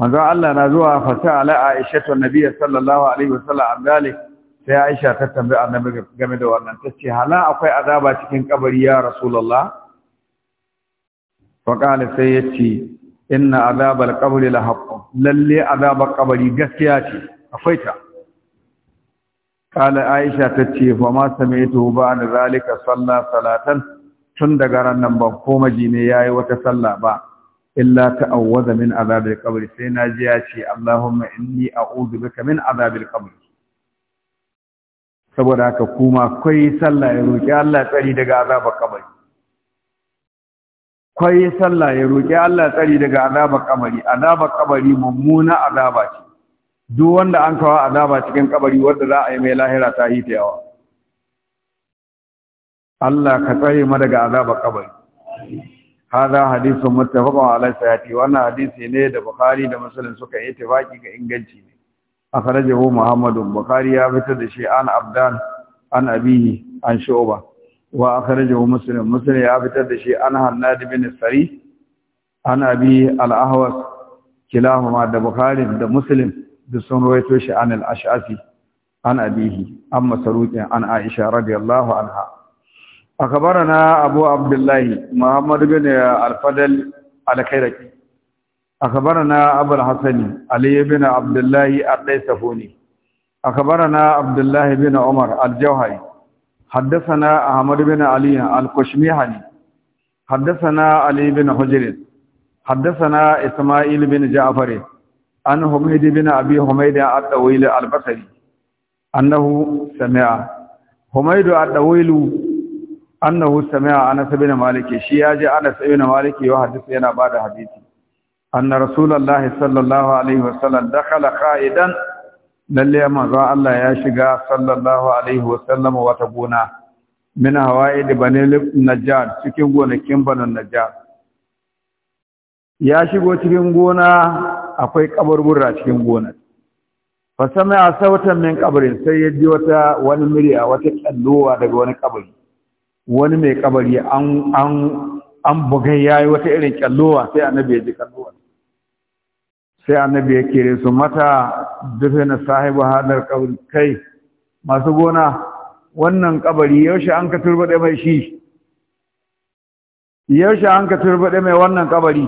manzo Allah na zuwa fa sala aisha to nabi sallallahu alaihi wasallam amdalik sai aisha ta tambayi annabi game da wannan ta ce hala akwai azaba cikin kabari ya rasulullah fa qala sai inna azabal qabri la haqqun lalle azabal qabri gaskiya ce akwai ta kala aisha tace fa ma samaitu ba an zalika salla salatan tun daga ran nan ban koma ji yayi wata salla ba illa ta'awwaza min azabil qabri sai na ji ya ce allahumma inni a'udhu bika min azabil qabri saboda haka kuma kai sallah ya roki Allah tsari daga azabar kabari kwai sallah ya roƙi Allah tsari daga azabar kabari azabar kabari mummuna azaba ce duk wanda an kawo azaba cikin kabari wanda za a yi mai lahira ta hita yawa Allah ka tsare ma daga azabar kabari hada hadisun muttafaqun alaihi sayati wannan hadisi ne da bukhari da muslim suka yi tafaki ga inganci ne akhrajahu muhammadu bukhari ya fitar da shi an abdan an abi an shu'ba wa akhrajahu muslim muslim ya fitar da shi an hannad bin sari an abi al-ahwas kilahuma da bukhari da muslim da sun rawaito shi an al-ash'afi an abihi an masaruqin an aisha radiyallahu anha akhbarana abu abdullah muhammad bin al-fadl al-kairaki akhbarana abu al-hasan ali bin Abdullahi al-daisafuni akhbarana Abdullahi bin umar al-jawhari حدثنا أحمد بن علي القشميحني حدثنا علي بن حجر حدثنا إسماعيل بن جعفر عن حميد بن أبي حميد الطويل البصري أنه سمع حميد الطويل أنه سمع أنس بن مالك شياج أنس بن مالك يحدثنا بعد حديثي أن رسول الله صلى الله عليه وسلم دخل قائدا lalle manzo Allah ya shiga sallallahu alaihi wasallam wata gona min hawaid bani najjar cikin gonakin banan najjar ya shigo cikin gona akwai kaburbura cikin gona. fa sami'a sautan min qabrin sai ya ji wata wani murya wata kallowa daga wani kabari wani mai kabari an an an bugai yayi wata irin kallowa sai annabi ya ji kallowa sai annabi ya kere su mata dufe na sahibu hadar kai masu gona wannan kabari yaushe an ka turbaɗe mai shi yaushe an ka turbaɗe mai wannan kabari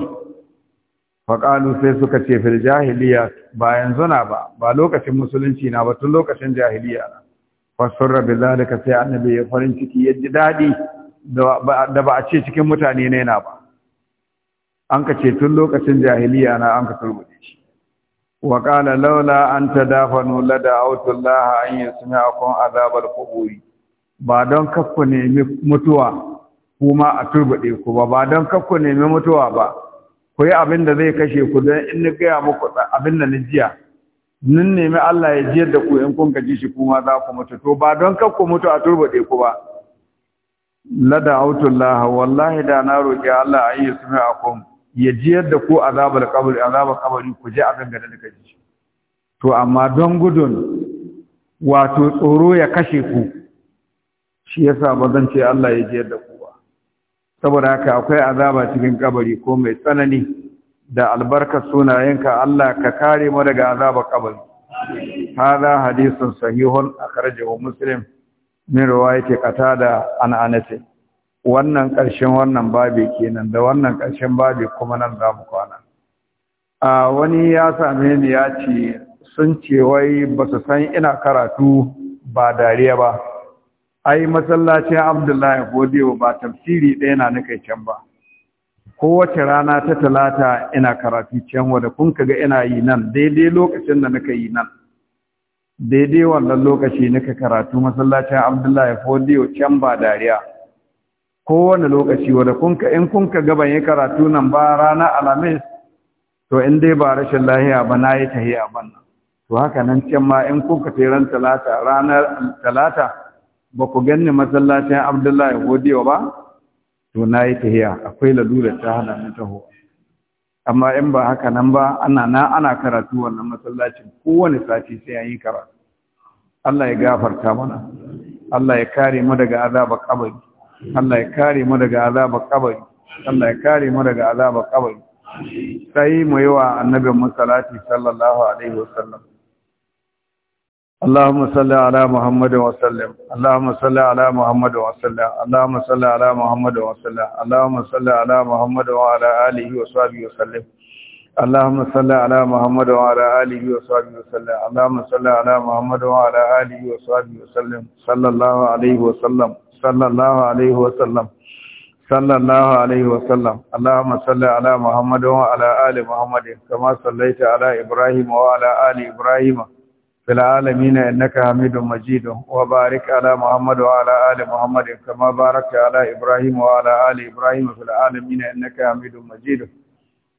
faƙalu sai suka ce fil jahiliya ba yanzu na ba ba lokacin musulunci na ba tun lokacin jahiliya na fassara rabi zalika sai annabi ya farin ciki ya ji daɗi da ba a ce cikin mutane ne na ba an ka ce tun lokacin jahiliya na an ka turbude shi wa qala laula an tadafanu lada autullah an yasma'akum azabal quburi ba don kakku nemi mutuwa kuma a turbude ku ba ba don kakku nemi mutuwa ba ku yi abin da zai kashe ku don in ni gaya muku abin da ni jiya nin nemi Allah ya jiyar da ku in kun gaji shi kuma za ku mutu to ba don kakku mutu a turbude ku ba lada autullah wallahi da na roki Allah ayi sumi akon. ya jiyar da ku azabar kabari azabar kabari ku je a gangada da kaji to amma don gudun wato tsoro ya kashe ku shi yasa ba zan ce Allah ya jiyar da ku ba saboda haka akwai azaba cikin kabari ko mai tsanani da albarkar sunayenka Allah ka kare mu daga azabar kabari hada hadisin sahihun akhrajahu muslim min riwayati qatada an anas wannan ƙarshen wannan babi kenan da wannan ƙarshen babi kuma nan za mu kwana a wani ya same ni ya ce sun ce wai ba su san ina karatu ba dariya ba ai masallacin abdullahi godiyo ba tafsiri ɗaya na nuka can ba kowace rana ta talata ina karatu can wadda kun kaga ina yi nan daidai lokacin da nuka yi nan daidai wannan lokaci nuka karatu masallacin abdullahi godiyo can ba dariya kowane lokaci wanda kunka in kunka gaban ya karatu nan ba rana alamis to in dai ba rashin lahiya ba na yi tahiya ban nan to haka nan can ma in kunka tseren talata ranar talata ba ku ganni masallacin abdullahi godiya ba to na yi tahiya akwai lalura ta hana ni taho amma in ba haka nan ba ana na ana karatu wannan masallacin kowane sati sai an yi karatu Allah ya gafarta mana Allah ya kare mu daga azabar kabari Allah ya kare mu daga azabar kabari Allah ya kare mu daga azabar kabari sai mu yi wa annabi musallati sallallahu alaihi wa sallam. Allahumma salli ala Muhammad wa sallim Allahumma salli ala Muhammad wa sallim Allahumma salli ala Muhammad wa sallim Allahumma salli ala Muhammad wa ala alihi wa sahbihi wa sallim Allahumma salli ala Muhammad wa ala alihi wa sahbihi wa sallim Allahumma salli ala Muhammad wa ala alihi wa sahbihi wa sallim sallallahu alaihi wa sallam sallallahu alaihi wasallam sallallahu alaihi wasallam Allahumma salli ala Muhammadin wa ala ali Muhammadin kama sallaita ala Ibrahim wa ala ali Ibrahim fil alamin innaka Hamidum Majid wa barik ala Muhammad wa ala ali Muhammad kama barakta ala Ibrahim wa ala ali Ibrahim fil alamin innaka Hamidum Majid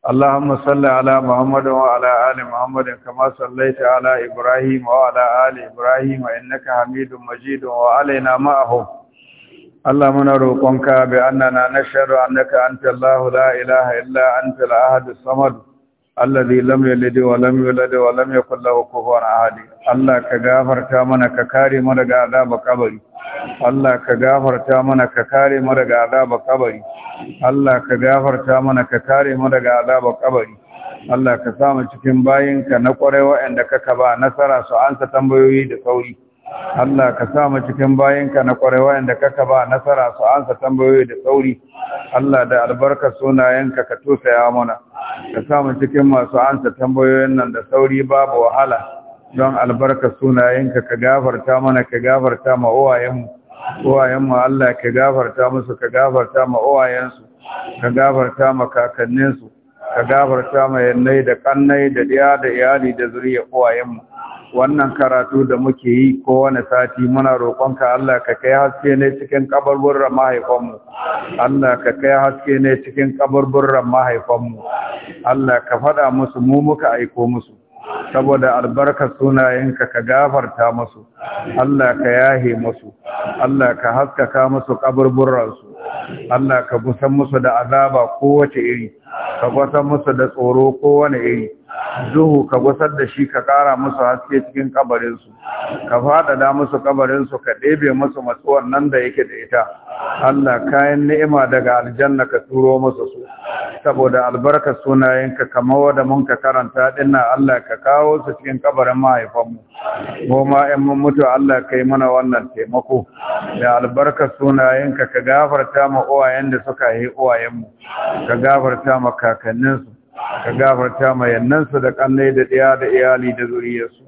اللهم صل على محمد وعلى آل محمد كما صليت على إبراهيم وعلى آل إبراهيم إنك حميد مجيد وعلينا معهم Allah muna roƙonka bi annana nashhadu annaka anta Allah la ilaha illa anta al-ahad as-samad alladhi lam yalid wa lam yulad wa lam yakul lahu kufuwan ahad Allah ka gafarta mana ka kare mu daga azabar kabari Allah ka gafarta mana ka kare mu daga azabar kabari Allah ka gafarta mana ka kare mu daga azabar kabari Allah ka samu cikin bayinka na ƙwarai waɗanda kaka ba nasara su ansa tambayoyi da sauri Allah ka sa mu cikin bayinka na kwarewa da kaka ba nasara su ansa tambayoyi da sauri Allah da albarka sunayenka ka tosaya mana ka sa mu cikin masu ansa tambayoyin nan da sauri babu wahala don albarka sunayenka ka gafarta mana ka gafarta ma uwayenmu uwayenmu Allah ka gafarta musu ka gafarta ma uwayensu ka gafarta ma kakanninsu ka gafarta ma yannai da kannai da diya da iyali da zuriya uwayenmu wannan karatu da muke yi ko wani sati muna roƙonka Allah ka kai haske ne cikin kaburburan mahaifanmu Allah ka kai haske ne cikin kaburburan mahaifanmu Allah ka faɗa musu mu muka aiko musu saboda albarkar sunayenka ka gafarta musu Allah ka yahe musu Allah ka haskaka musu kaburburansu Allah ka busan musu da azaba kowace iri ka gwasar musu da tsoro kowane iri Zuhu ka gwasar da shi ka kara musu haske cikin kabarinsu ka faɗaɗa musu kabarinsu ka ɗebe musu matsuwar nan da yake da ita Allah kayan ni'ima daga aljanna ka turo musu su saboda albarka sunayenka kamar wanda mun ka karanta dinna Allah ka kawo su cikin kabarin mahaifanmu mu ma yan mun mutu Allah kai mana wannan taimako da albarka sunayenka ka gafarta ma uwayen da suka yi uwayenmu ka gafarta ma makakanninsu kakanninsu ka gafarta ma yannansu da kannai da ɗaya da iyali da zuriyarsu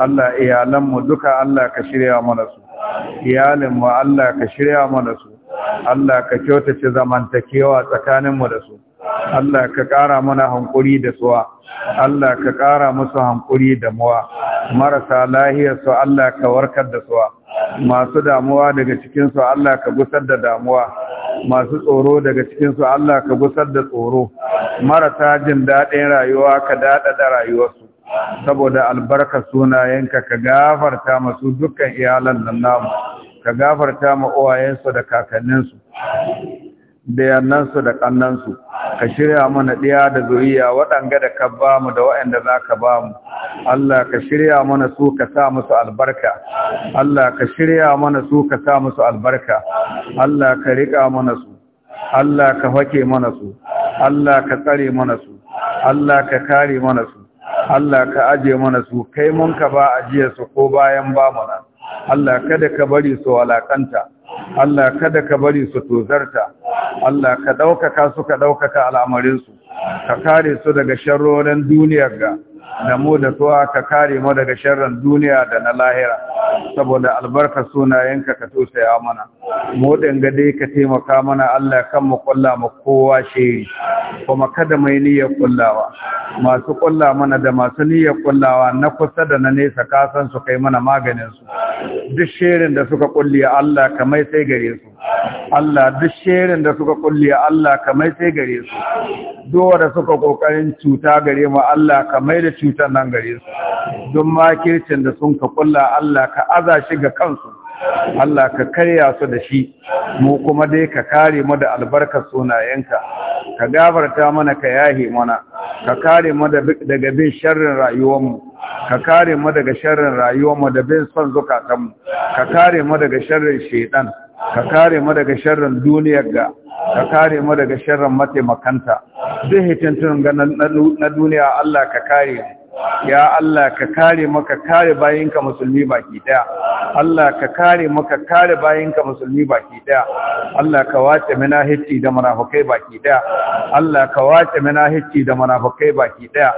Allah iyalanmu duka Allah ka shirya mana su iyalinmu Allah ka shirya mana su Allah ka kyautace zamantakewa tsakaninmu da su Allah ka ƙara mana hankuri da suwa, Allah ka ƙara musu hankuri da muwa, marasa lahiyarsu Allah ka warkar da suwa. masu damuwa daga cikinsu Allah ka gusar da damuwa masu tsoro daga cikinsu Allah ka gusar da tsoro marasa jin daɗin rayuwa ka daɗaɗa rayuwarsu saboda albarka sunayenka ka gafarta masu dukkan iyalan nan namu ka gafarta ma uwayensu da kakanninsu da yannansu da ƙannansu. ka shirya mana ɗiya da zuriya waɗanga da ka ba mu da waɗanda za ka ba mu Allah ka shirya mana su ka sa musu albarka Allah ka shirya mana su ka sa musu albarka Allah ka riƙa mana su Allah ka hake mana su Allah ka tsare mana su Allah ka kare mana su Allah ka aje mana su kai mun ka ba ajiyarsu ko bayan ba mana, Allah kada ka bari su walakanta Allah kada ka bari su tozarta Allah ka ɗaukaka su ka ɗaukaka al'amarinsu ka kare su daga sharrorin duniyar ga da mu da tuwa ka kare mu daga sharran duniya da na lahira saboda albarka sunayenka ka tosaya mana mu dinga dai ka taimaka mana Allah kan mu kulla mu kowa shi kuma kada mai niyyar kullawa masu kulla mana da masu niyyar kullawa na kusa da na nesa ka san su kai mana maganin su duk sherin da suka kulli Allah kamai sai gare su Allah duk sherin da suka kulli Allah kamai sai gare su duk da suka kokarin cuta gare mu Allah kamai da cutar nan gare su don makircin da sun ka kulla Allah ka aza shi ga kansu Allah ka karya su da shi mu kuma dai ka kare mu da albarkar sunayenka ka gafarta mana ka yahe mana ka kare mu daga bin sharrin rayuwarmu ka kare mu daga sharrin rayuwarmu da bin son zukatanmu ka kare mu daga sharrin shedan ka kare mu daga sharrin duniyar ga ka kare mu daga sharrin mataimakanta duk ga na duniya Allah ka kare mu ya Allah ka kare maka kare bayinka musulmi baki daya Allah ka kare maka kare bayinka musulmi baki daya Allah ka wace hicci da munafikai baki daya Allah ka wace hicci da munafikai baki daya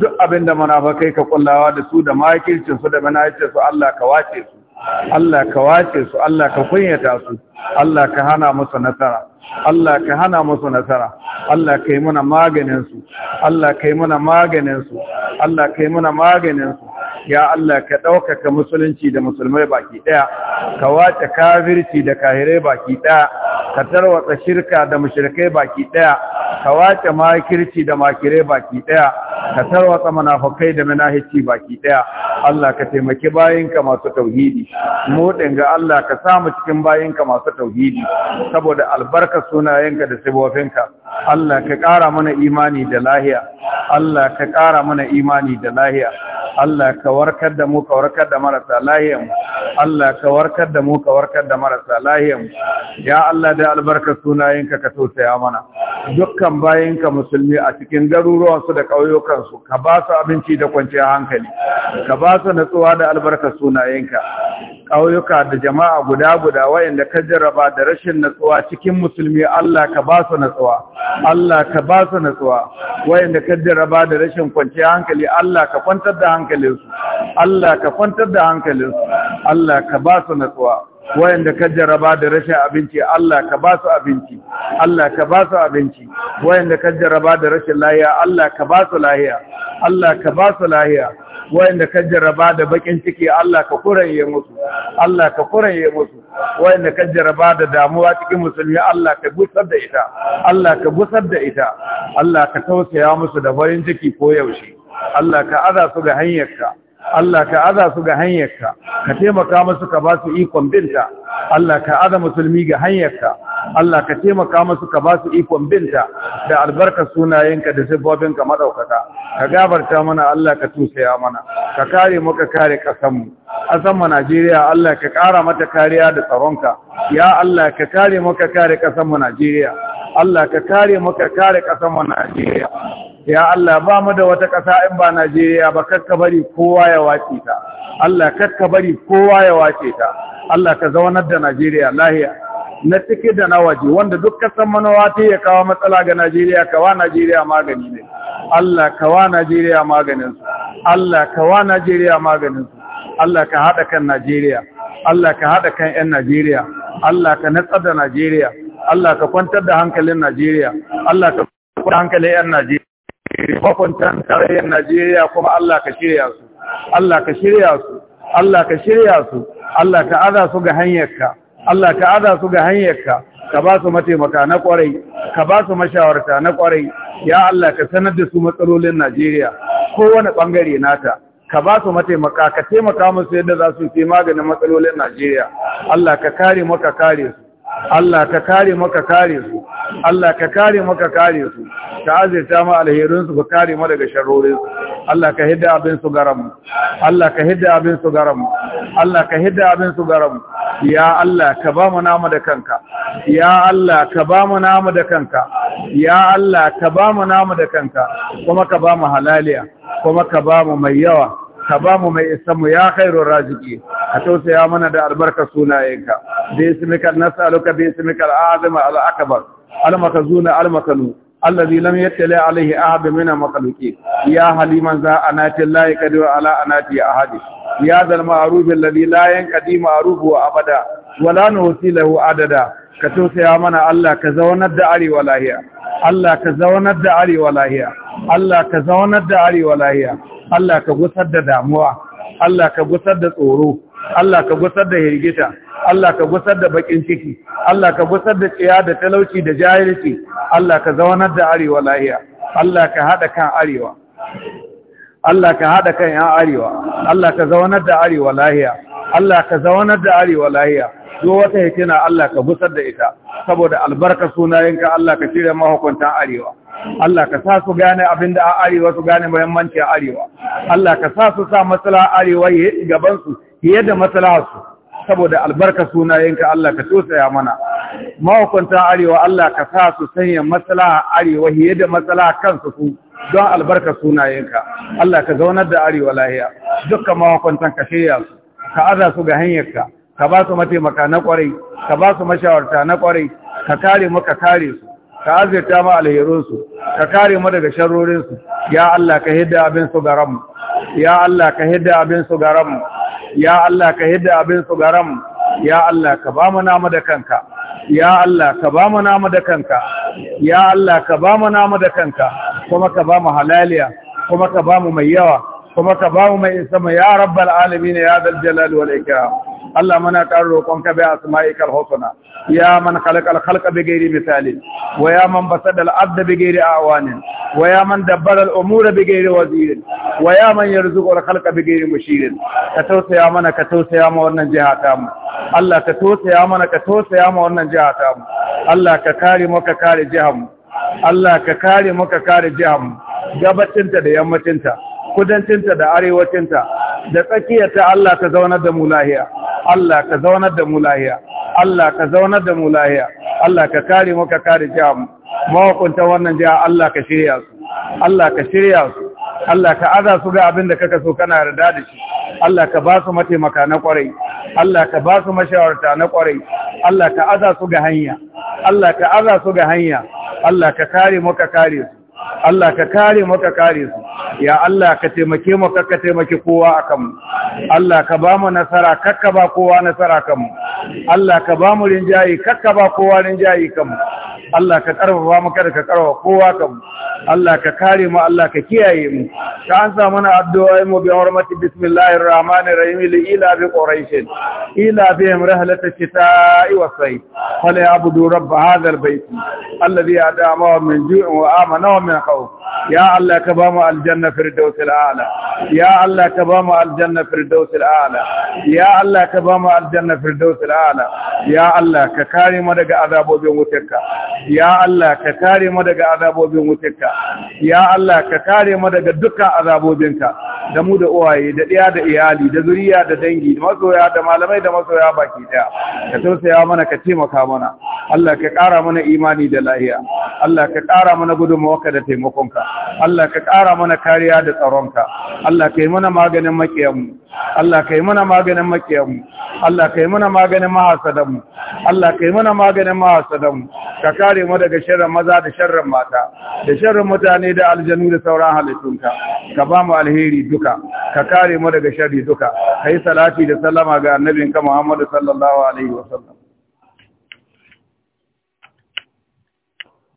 duk abinda munafikai ka kullawa da su da makircin su da hicci su Allah ka wace su Allah ka wace su Allah ka kunyata su Allah ka hana musu nasara Allah ka hana musu nasara Allah ka yi muna maganin su Allah ka yi muna maganin Allah ka yi muna maganin su ya Allah ka ɗaukaka musulunci da musulmai baki ɗaya ka wace kafirci da kahirai baki ɗaya ka tarwatsa shirka da mashirkai baki ɗaya ka wace makirci da makirai baki ɗaya ka tarwatsa manafakai da manahici baki ɗaya Allah ka taimaki bayinka masu tauhidi mu ga Allah ka samu cikin bayinka masu tauhidi saboda albarka sunayenka da sabofinka. Allah ka ƙara mana imani da lahiya Allah ka ƙara mana imani da lahiya Allah ka warkar da mu ka warkar da marasa lahiyan Allah ka warkar da mu ka warkar da marasa lahiyan ya Allah da albarka sunayenka ka tausaya mana dukkan bayanka musulmi a cikin garuruwan su da ƙauyukan ka ba su abinci da kwanciyar hankali ka ba su natsuwa da albarka sunayenka ƙauyuka da jama'a guda guda wayanda ka jarraba da rashin natsuwa cikin musulmi Allah ka ba su natsuwa Allah ka ba su natsuwa wayanda kaddara ba da rashin kwanciyar hankali Allah ka kwantar da hankalinsu Allah ka kwantar da hankalinsu Allah ka ba su natsuwa wayanda kaddara ba da rashin abinci Allah ka ba su abinci Allah ka ba su abinci wayanda kaddara ba da rashin lahiya Allah ka ba su lahiya Allah ka ba su lahiya wayanda ka ba da bakin ciki Allah ka kuraye musu Allah ka kuraye musu wanda ka jaraba da damuwa cikin musulmi Allah ka gusar da ita Allah ka gusar da ita Allah ka tausaya musu da farin ciki ko yaushe Allah ka aza su ga hanyarka Allah ka aza su ga hanyarka ka taimaka musu ka ba su ikon binta Allah ka aza musulmi ga hanyarka Allah ka taimaka musu ka ba su ikon binta da albarka sunayenka da sibbobinka madaukaka ka gabarta mana Allah ka tusaya mana ka kare mu ka kare kasanmu mu Najeriya Allah ka kara mata kariya da tsaronka ya Allah ka kare mu ka kare kasanmu Najeriya Allah ka kare mu ka kare kasanmu Najeriya ya Allah ba mu da wata ƙasa in ba Najeriya ba kakka bari kowa ya wace ta Allah kakka bari kowa ya wace ta Allah ka zaunar da Najeriya lahiya na cike da na waje wanda duk kasan manowa ta ya kawo matsala ga Najeriya ka wa Najeriya magani ne Allah ka wa Najeriya maganin su Allah ka wa Najeriya maganin su Allah ka hada kan Najeriya Allah ka hada kan ƴan Najeriya Allah ka natsar da Najeriya Allah ka kwantar da hankalin Najeriya Allah ka kwantar da hankalin ƴan Najeriya makuntan tarayyar Najeriya kuma Allah ka shirya su Allah ka shirya su Allah ka shirya su Allah ka aza su ga hanyarka Allah ka aza su ga hanyarka ka ba su mataimaka na kwarai ka ba su mashawarta na kwarai ya Allah ka sanar da su matsalolin Najeriya kowane ɓangare nata ka ba su mataimaka ka taimaka musu yadda za su fi maganin matsalolin Najeriya Allah ka kare maka kare su Allah ka kare maka kare su Allah ka kare maka kare su ka azirta ma alherin su ka kare mu daga sharorin su Allah ka hidda abin su garam Allah ka hidda abin su garam Allah ka hidda abin su garam ya Allah ka ba mu namu da kanka ya Allah ka ba mu namu da kanka ya Allah ka ba mu namu da kanka kuma ka ba mu halaliya kuma ka ba mu mai yawa ka ba mu mai isamu ya khairur raziki a tausaya mana da albarka sunayenka باسمك نسألك باسمك الأعظم الأكبر المخزون المكنون الذي لم يتلع عليه أحد من المخلوقين يا حليما ذا أنات الله كدو على أنات أحد يا ذا المعروف الذي لا ينكدي معروفه أبدا ولا نوصي له عددا كتوسع منا الله كزونا الدعري ولا هي الله ka zaunar ولا هي الله Allah ka ولا هي الله كغسد دعموه الله كغسد da الله كغسد ka Allah ka gusar da bakin ciki Allah ka gusar da tsiya da talauci da jahilci Allah ka zaunar da arewa lahiya Allah ka hada kan arewa Allah ka hada kan yan arewa Allah ka zaunar da arewa lahiya Allah ka zaunar da arewa lahiya zo wata hikina Allah ka gusar da ita saboda albarka sunayenka Allah ka cire mahukuntan arewa Allah ka sa su gane abin da a arewa su gane muhimmanci a arewa. Allah ka sa su sa matsala arewa gabansu fiye da matsala su. saboda albarka sunayenka Allah ka tosaya mana mahukunta arewa Allah ka sa su sanya matsala arewa hiye da matsala kansu su don albarka sunayenka Allah ka zaunar da arewa lahiya Dukka mahukuntan ka shirya su ka aza su ga hanyarka ka ba su mataimaka na kwarai ka ba su mashawarta na kwarai ka kare mu ka kare su ka azirta mu alherinsu ka kare mu daga sharrorinsu ya Allah ka hidda abin su ga mu ya Allah ka hidda abin su garam ya Allah ka hidda abin su garam ya Allah ka ba mu namu da kanka ya Allah ka ba mu namu da kanka ya Allah ka ba mu namu da kanka kuma ka ba mu halaliya kuma ka ba mu mai yawa kuma ka ba mu mai isa ya rabbal alamin ya dal jalal wal ikram Allah muna ƙara roƙonka bi asma'ikal husna ya man khalaqal khalqa bi ghairi misali wa ya man basadal abda bi ghairi awanin wa ya man dabbara al umura bi ghairi wazirin wa ya man yarzuqu al khalqa bi ghairi mushirin ka tausaya mana ka tausaya ma wannan jiha ta mu Allah ka tausaya mana ka tausaya ma wannan jiha ta mu Allah ka kare mu ka kare jihar mu Allah ka kare mu ka kare jihar mu gabacinta da yammacinta kudancinta da arewacinta da tsakiyarta Allah ka zaunar da mu lahiya Allah ka zaunar da mu lahiya Allah ka zaunar da mu lahiya Allah ka kare mu ka kare jihar mu wannan jiha Allah ka shirya su Allah ka shirya su Allah ka aza su ga abin da kaka so kana yarda da shi Allah ka ba su mataimaka na kwarai Allah ka ba su mashawarta na kwarai Allah ka aza su ga hanya Allah ka aza su ga hanya Allah ka kare mu ka kare su Allah ka kare maka kare su ya Allah ka taimake mu ka taimake kowa akan mu Allah ka ba mu nasara kakka ba kowa nasara kan mu Allah ka ba mu rinjayi kakka ba kowa rinjayi kan mu Allah ka karfafa mu kada ka karfafa kowa kan mu Allah ka kare mu Allah ka kiyaye mu ka ansa mana addu'o'i mu bi hurmati bismillahir rahmanir rahim li ila bi quraish ila bihim rihlat ash-shita'i was-sayf fal ya'budu rabb hadha al-bayt alladhi at'amahum min ju'in wa amanahum min min khawf ya allah ka ba aljanna firdaus alaa ya allah ka ba mu aljanna firdaus alaa ya allah ka ba aljanna firdaus alaa ya allah ka kare mu daga azabobin wutarka ya allah ka kare mu daga azabobin wutarka ya allah ka kare mu daga dukkan azabobinka da mu da uwaye da ɗaya da iyali da zuriya da dangi da masoya da malamai da masoya baki ɗaya. ka tausaya mana ka taimaka mana allah ka kara mana imani da lahiya allah ka kara mana gudunmawa ka da taimakonka Allah ka ƙara mana kariya da tsaronka Allah ka yi mana maganin makiyanmu Allah ka yi mana maganin makiyanmu Allah ka yi mana maganin mahasadanmu Allah ka yi mana maganin mahasadanmu ka kare mu daga sharrin maza da sharrin mata da sharrin mutane da aljanu da sauran halittunka ka ba mu alheri duka ka kare mu daga sharri duka kai salati da sallama ga annabinka Muhammad sallallahu alaihi wasallam